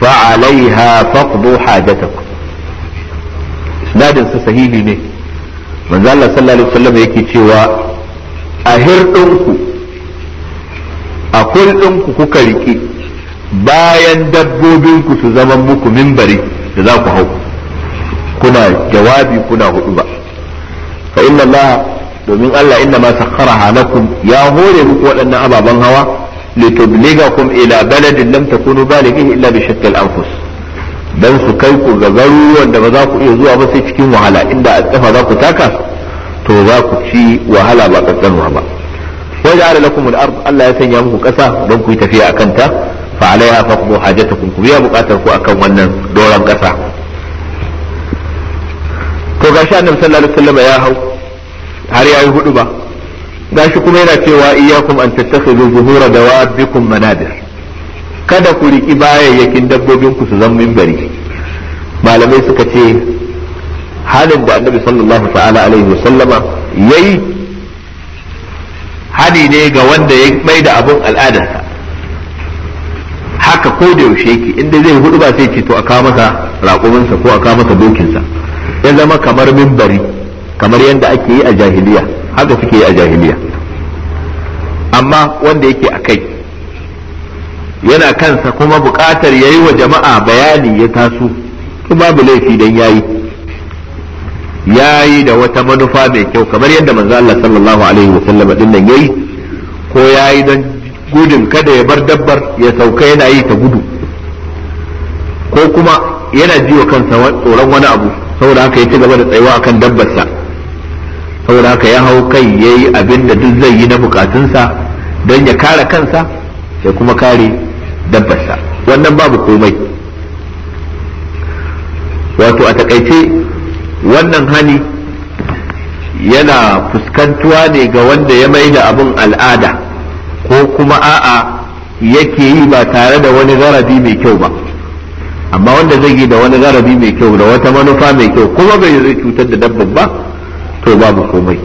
fa'alayha faqdu hajatakum isnadin sa sahihi ne manzo Allah sallallahu alaihi wasallam yake cewa a hirdinku a kullinku kuka riki bayan dabbobinku su zama muku bari da za ku hau kuna jawabi kuna huɗu ba fa inna Allah domin Allah inda ma sakharaha lakum ya hore muku waɗannan ababen hawa litubligakum ila baladin lam takunu balighihi illa bi shakkil anfus dan su kai ku ga garuruwan da ba za ku iya zuwa ba sai cikin wahala inda a kafa za ku taka to za ku ci wahala ba kankanuwa ba wa da lakum al-ard Allah ya sanya muku kasa don ku yi tafiya akan ta fa alaiha faqdu hajatakum ku biya bukatar ku akan wannan doran kasa to gashi annabi sallallahu alaihi wasallam ya hau har yayi hudu ba gashi kuma yana cewa iyyakum an tattakhidhu zuhura dawabikum manadir kada ku riki bayayyakin dabbobin ku su zama minbari malamai suka ce halin da annabi sallallahu ta'ala alaihi wasallama yayi hani ne ga wanda ya mai da abun al'adarsa haka ko da yaushe yake inda zai hudu ba sai ce to a kawo masa raƙuminsa ko a kawo masa dokinsa ya zama kamar minbari kamar yadda ake yi a jahiliya haka suke yi a jahiliya amma wanda yake a kai yana kansa kuma buƙatar ya yi wa jama'a bayani ya taso babu laifi don ya yi ya yi da wata manufa mai kyau kamar yadda manzo Allah sallallahu alaihi wa din nan yayi ko ya yi don gudun kada ya bar dabbar ya sauka yana yi ta gudu ko kuma yana jiwa kansa tsoron wani abu saboda haka ya ci gaba da tsayuwa akan dabbarsa saboda haka ya hau kai ya yi abin da duk zai yi na bukatunsa don ya kare kansa ya kuma kare dabbarsa wannan babu komai wato a takaice wannan hani yana fuskantuwa ne ga wanda ya mai da abin al'ada ko kuma a'a yake yi ba tare da wani zarabi mai kyau ba amma wanda zai yi da wani zarabi mai kyau da wata manufa mai kyau kuma bai zai cutar da dabbar ba to babu komai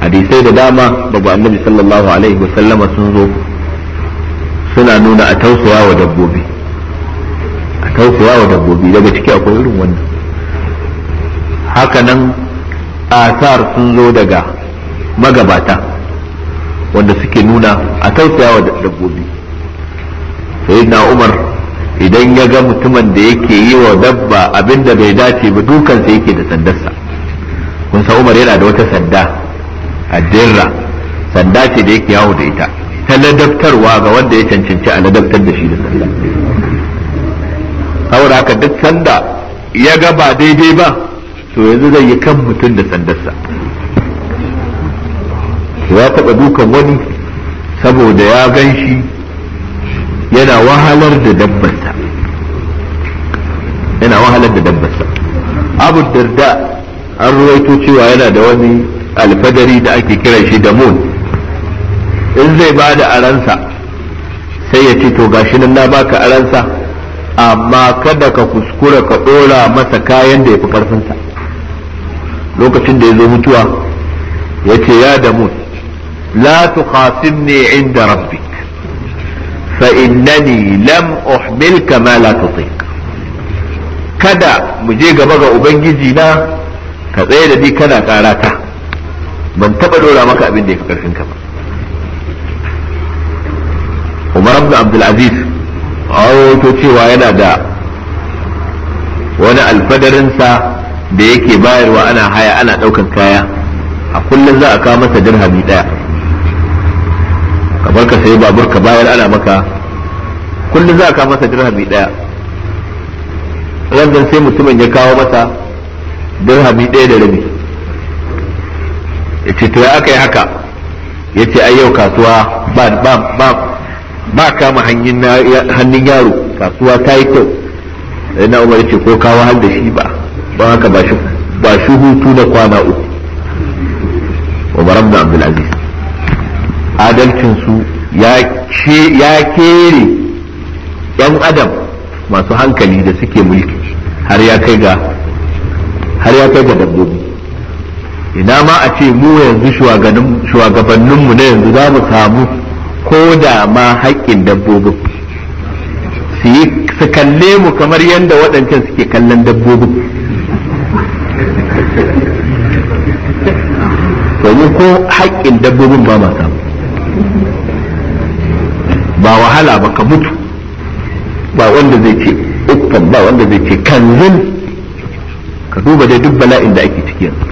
hadisai da dama daga annabi sallallahu alaihi wasallama sun zo suna nuna a tausawa wa dabbobi a tausawa wa dabbobi daga ciki akwai irin wannan hakanan asar sun zo daga magabata wanda suke nuna a tausaya wa dabbobi Sai na umar idan ya ga mutumin da yake yi wa dabba abinda bai dace ba dukansa yake da sandarsa kun san umar yana da wata sanda a dirra sanda ce da yake yawo da ita ta ladabtarwa ga wanda ya cancanci a ladabtar da shi da sanda saboda haka duk sanda ya ga ba daidai ba to yanzu zai yi kan mutum da sandarsa ya taɓa dukan wani saboda ya gan shi yana wahalar da dabbarsa yana wahalar da dabbarsa abu darda an ruwaito cewa yana da wani alfadari da ake kiran shi da mun in zai ba da aransa sai ya ce to gashi nan na baka aransa amma kada ka kuskura ka ɗora masa kayan da ya fi ƙarfinsa lokacin da ya zo mutuwa ya ce ya da mun la tuqasimni inda rabbik fa innani lam uhmilka ma la tutiq kada mu je gaba ga ubangiji na ka tsaye da ni kana tsara ta ban taba dora maka abin da ya fi karfin ka ba umar abu abdulaziz a cewa yana da wani alfadarinsa da yake bayarwa ana haya ana daukan kaya a kullum za a kawo masa dirhami daya kamar ka sayi babur ka bayar ana maka kullum za a kawo masa dirhami daya wannan sai mutumin ya kawo masa dirhami ɗaya da rabi ya ce to ya aka yi haka ya ce ai yau kasuwa ba ba ba ba kama hannun yaro kasuwa ta yi kyau sai na umar ce ko kawo har da shi ba ba haka ba shi hutu na kwana uku umar abdul adalcin su ya kere yan adam masu hankali da suke mulki har ya kai ga har ya kai ga dabbobi ina ma a ce mu yanzu shugabanninmu na yanzu za mu samu ko da ma haƙƙin dabbobin su kalle mu kamar yadda waɗancan suke kallon dabbobin domin ko haƙƙin dabbobin ba ma samu ba wahala ba ka mutu ba wanda zai ce uffan ba wanda zai ce kanzin ka duba dai duk bala'in da ake ciki yanzu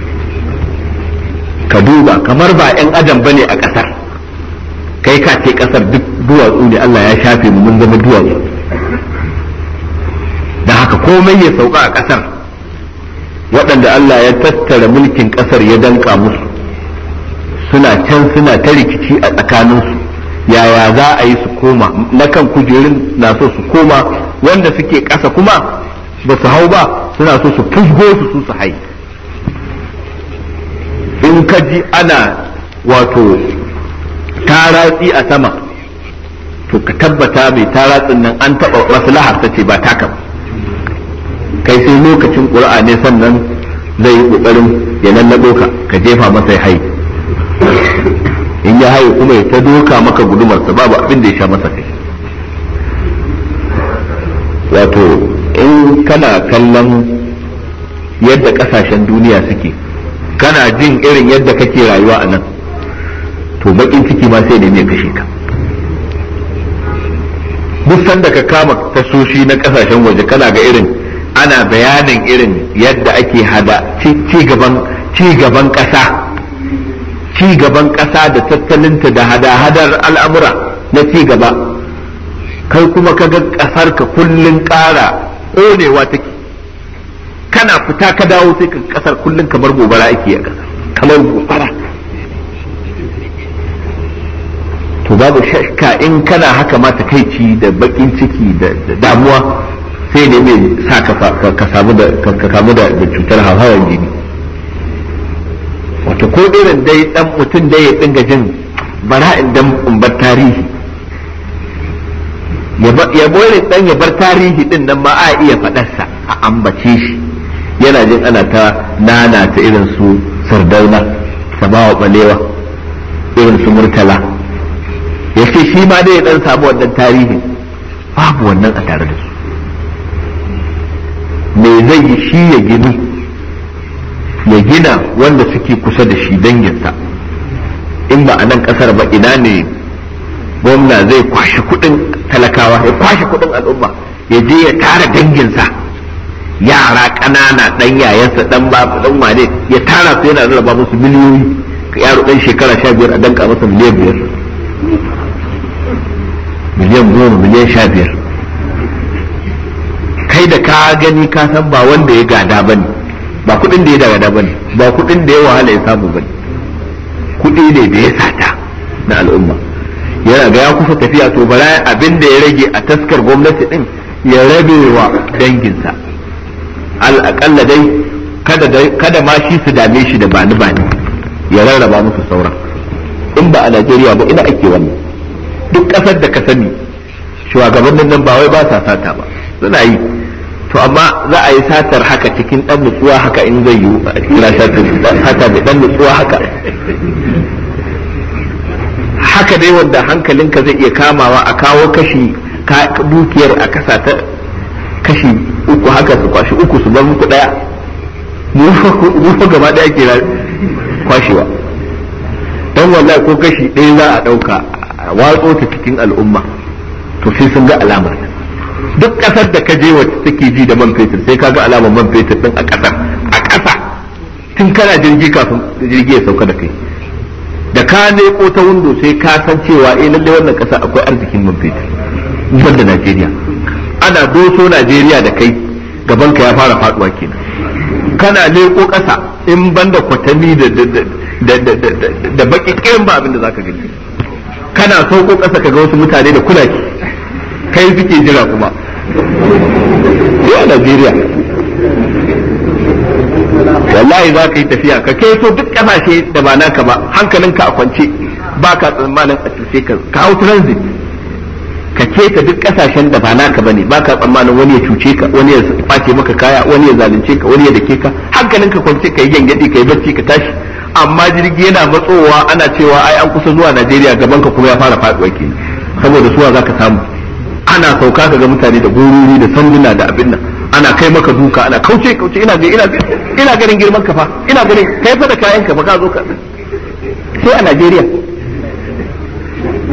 ka duba kamar ba 'yan adam ba ne a ƙasar kai ka ce ƙasar duk duwatsu ne Allah ya shafe mu mun zama duwatsu da haka komai ya sauka a ƙasar waɗanda Allah ya tattara mulkin ƙasar ya danka musu suna can suna ta rikici a tsakaninsu yaya za a yi su koma na kan kujerun na so su koma wanda suke ƙasa kuma ba su hau ba suna so su fusgo su su su hai in ka ji ana wato taratsi a sama to ka tabbata mai taratsin nan an taɓa maslahar ta ce ba taka kai sai lokacin ƙura'a ne sannan zai yi ƙoƙarin ya lallaɓo ka ka jefa masa ya hai in ya haihu kuma ya ta doka maka gudumarsa babu abin da ya sha masa kai wato in kana kallon yadda kasashen duniya suke kana jin irin yadda kake rayuwa a nan to bakin ciki ma sai ne mai kashe ka duk sanda ka kama tasoshi na kasashen waje kana ga irin ana bayanin irin yadda ake hada ci gaban kasa ci gaban kasa da tattalinta da hada-hadar al'amura na ci gaba kai kuma ka ga kasar ka kullun kara ƙonewa take kana fita ka dawo sai ka kasar kullun kamar gobara ake a kasar kamar gobara to babu shakka in kana haka ma ci da bakin ciki da damuwa sai ne mai sa ka samu da ka kamu da cutar hauhawar jini wato ko irin dai dan mutum dai ya dinga jin bara'in dan umbar tarihi ya bore dan ya bar tarihi din nan ma a iya faɗarsa a ambace shi yana jin ana ta nana ta irin su sardauna sabawa balewa irin su murtala ya ce shi ma dai ya dan samu wannan tarihi babu wannan a tare da su me zai yi shi ya gini ya gina wanda suke kusa da shi danginsa in ba a nan kasar ba ina ne gwamna zai kwashe kudin talakawa ya kwashe kudin al'umma ya je ya tara danginsa yara ƙanana ɗan yayansa ɗan babu ɗan wane ya tara su yana rarraba musu miliyoyi yaro ɗan shekara sha biyar a danka masa miliyan biyar miliyan goma miliyan sha biyar kai da ka gani ka san ba wanda ya gada ba ne ba kuɗin da ya gada ba ne ba kuɗin da ya wahala ya samu ba ne kuɗi ne da ya sata na al'umma yana ga ya kusa tafiya to bala abin da ya rage a taskar gwamnati din ya rabe wa danginsa al'aƙalla dai kada ma shi su dame shi da bani bani ya rarraba musu sauran in ba a najeriya ba ina ake wannan duk ƙasar da ka sani shugabannin nan ba wai ba sa sata ba suna yi to amma za a yi satar haka cikin ɗan nutsuwa haka in zai yiwu a cikin satar haka da dan nutsuwa haka haka dai wanda hankalinka zai iya kamawa a kawo kashi dukiyar a kasa ta kashi uku haka su kwashi uku su bar muku daya mu gaba daya ke kwashewa don wallahi ko kashi ɗaya za a ɗauka a watso ta cikin al'umma to sai sun ga alamar duk ƙasar da ka je wa take ji da man fetur sai ka ga alamar man fetur ɗin a kasar a kasa tun kana jirgi kafin jirgi ya sauka da kai ka neko ta wundo sai ka san cewa eh lalle wannan kasa akwai arzikin man fetur ban da Najeriya ana doso Najeriya da kai gaban ka ya fara faduwa kenan kana ko kasa in banda kwatanni da da baki ba abin da zaka gani kana sauko kasa ka ga wasu mutane da kulaki kai suke jira kuma ya Najeriya wallahi za ka yi tafiya ka kai so duk kasashe da ba naka ba hankalinka a kwance ba ka tsammanin a cuce ka ka hau transit ka ce ka duk kasashen da ba naka bane ba ka tsammanin wani ya cuce ka wani ya kwace maka kaya wani ya zalunce ka wani ya dake ka hankalinka kwance ka yi gyangyaɗi ka yi bacci ka tashi amma jirgi yana matsowa ana cewa ai an kusa zuwa Najeriya gaban ka kuma ya fara faɗuwa ke? saboda suwa za ka samu ana sauka ka ga mutane da gururi da sanduna da abin nan ana kai maka duka ana kauce kauce ina ga ina ina ganin girman ka fa ina ganin kai fa da kayan ka fa ka zo ka sai a Najeriya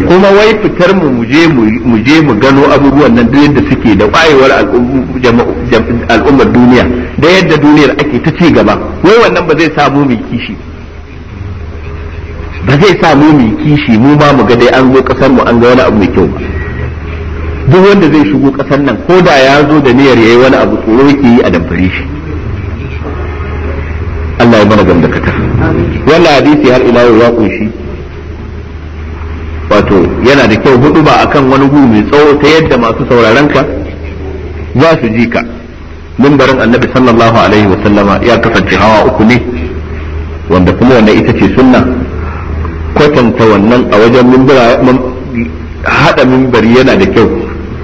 kuma wai fitar mu muje mu je mu gano abubuwan nan duk yadda suke da wayewar al'ummar duniya da yadda duniyar ake ta ci gaba wai wannan ba zai samu mu kishi ba zai samu mu kishi mu ma mu ga dai an zo kasar mu an ga wani abu mai kyau ba duk wanda zai shigo kasar nan ko da ya zo da niyyar yayi wani abu tsoro yake yi a dabbare shi Allah ya mana gamdakatar wannan hadisi har ila yau ya kunshi wato yana da kyau hudu ba akan wani gu mai tsawo ta yadda masu sauraron ka za su ji ka mimbarin annabi sallallahu alaihi wa sallama. ya kasance hawa uku ne wanda kuma wannan ita ce sunna kwatanta wannan a wajen mimbara hada yana da kyau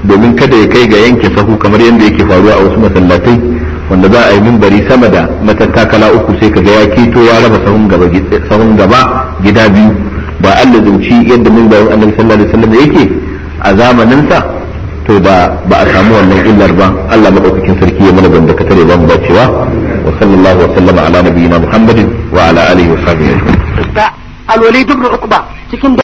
domin kada ya kai ga yanke sahu kamar yadda yake faruwa a wasu masallatai wanda za a yi mimbari sama da matattakala uku sai ka ga ya keto ya raba sahun gaba gida biyu ba Allah zauci yadda mimbarin Annabi sallallahu alaihi wasallam yake a zamanin sa to ba ba a samu wannan illar ba Allah madaukakin sarki ya mana banda ka tare ba mu bacewa wa sallallahu wa sallama ala nabiyina Muhammadin wa ala alihi wa sahbihi alwalid ibn uqba cikin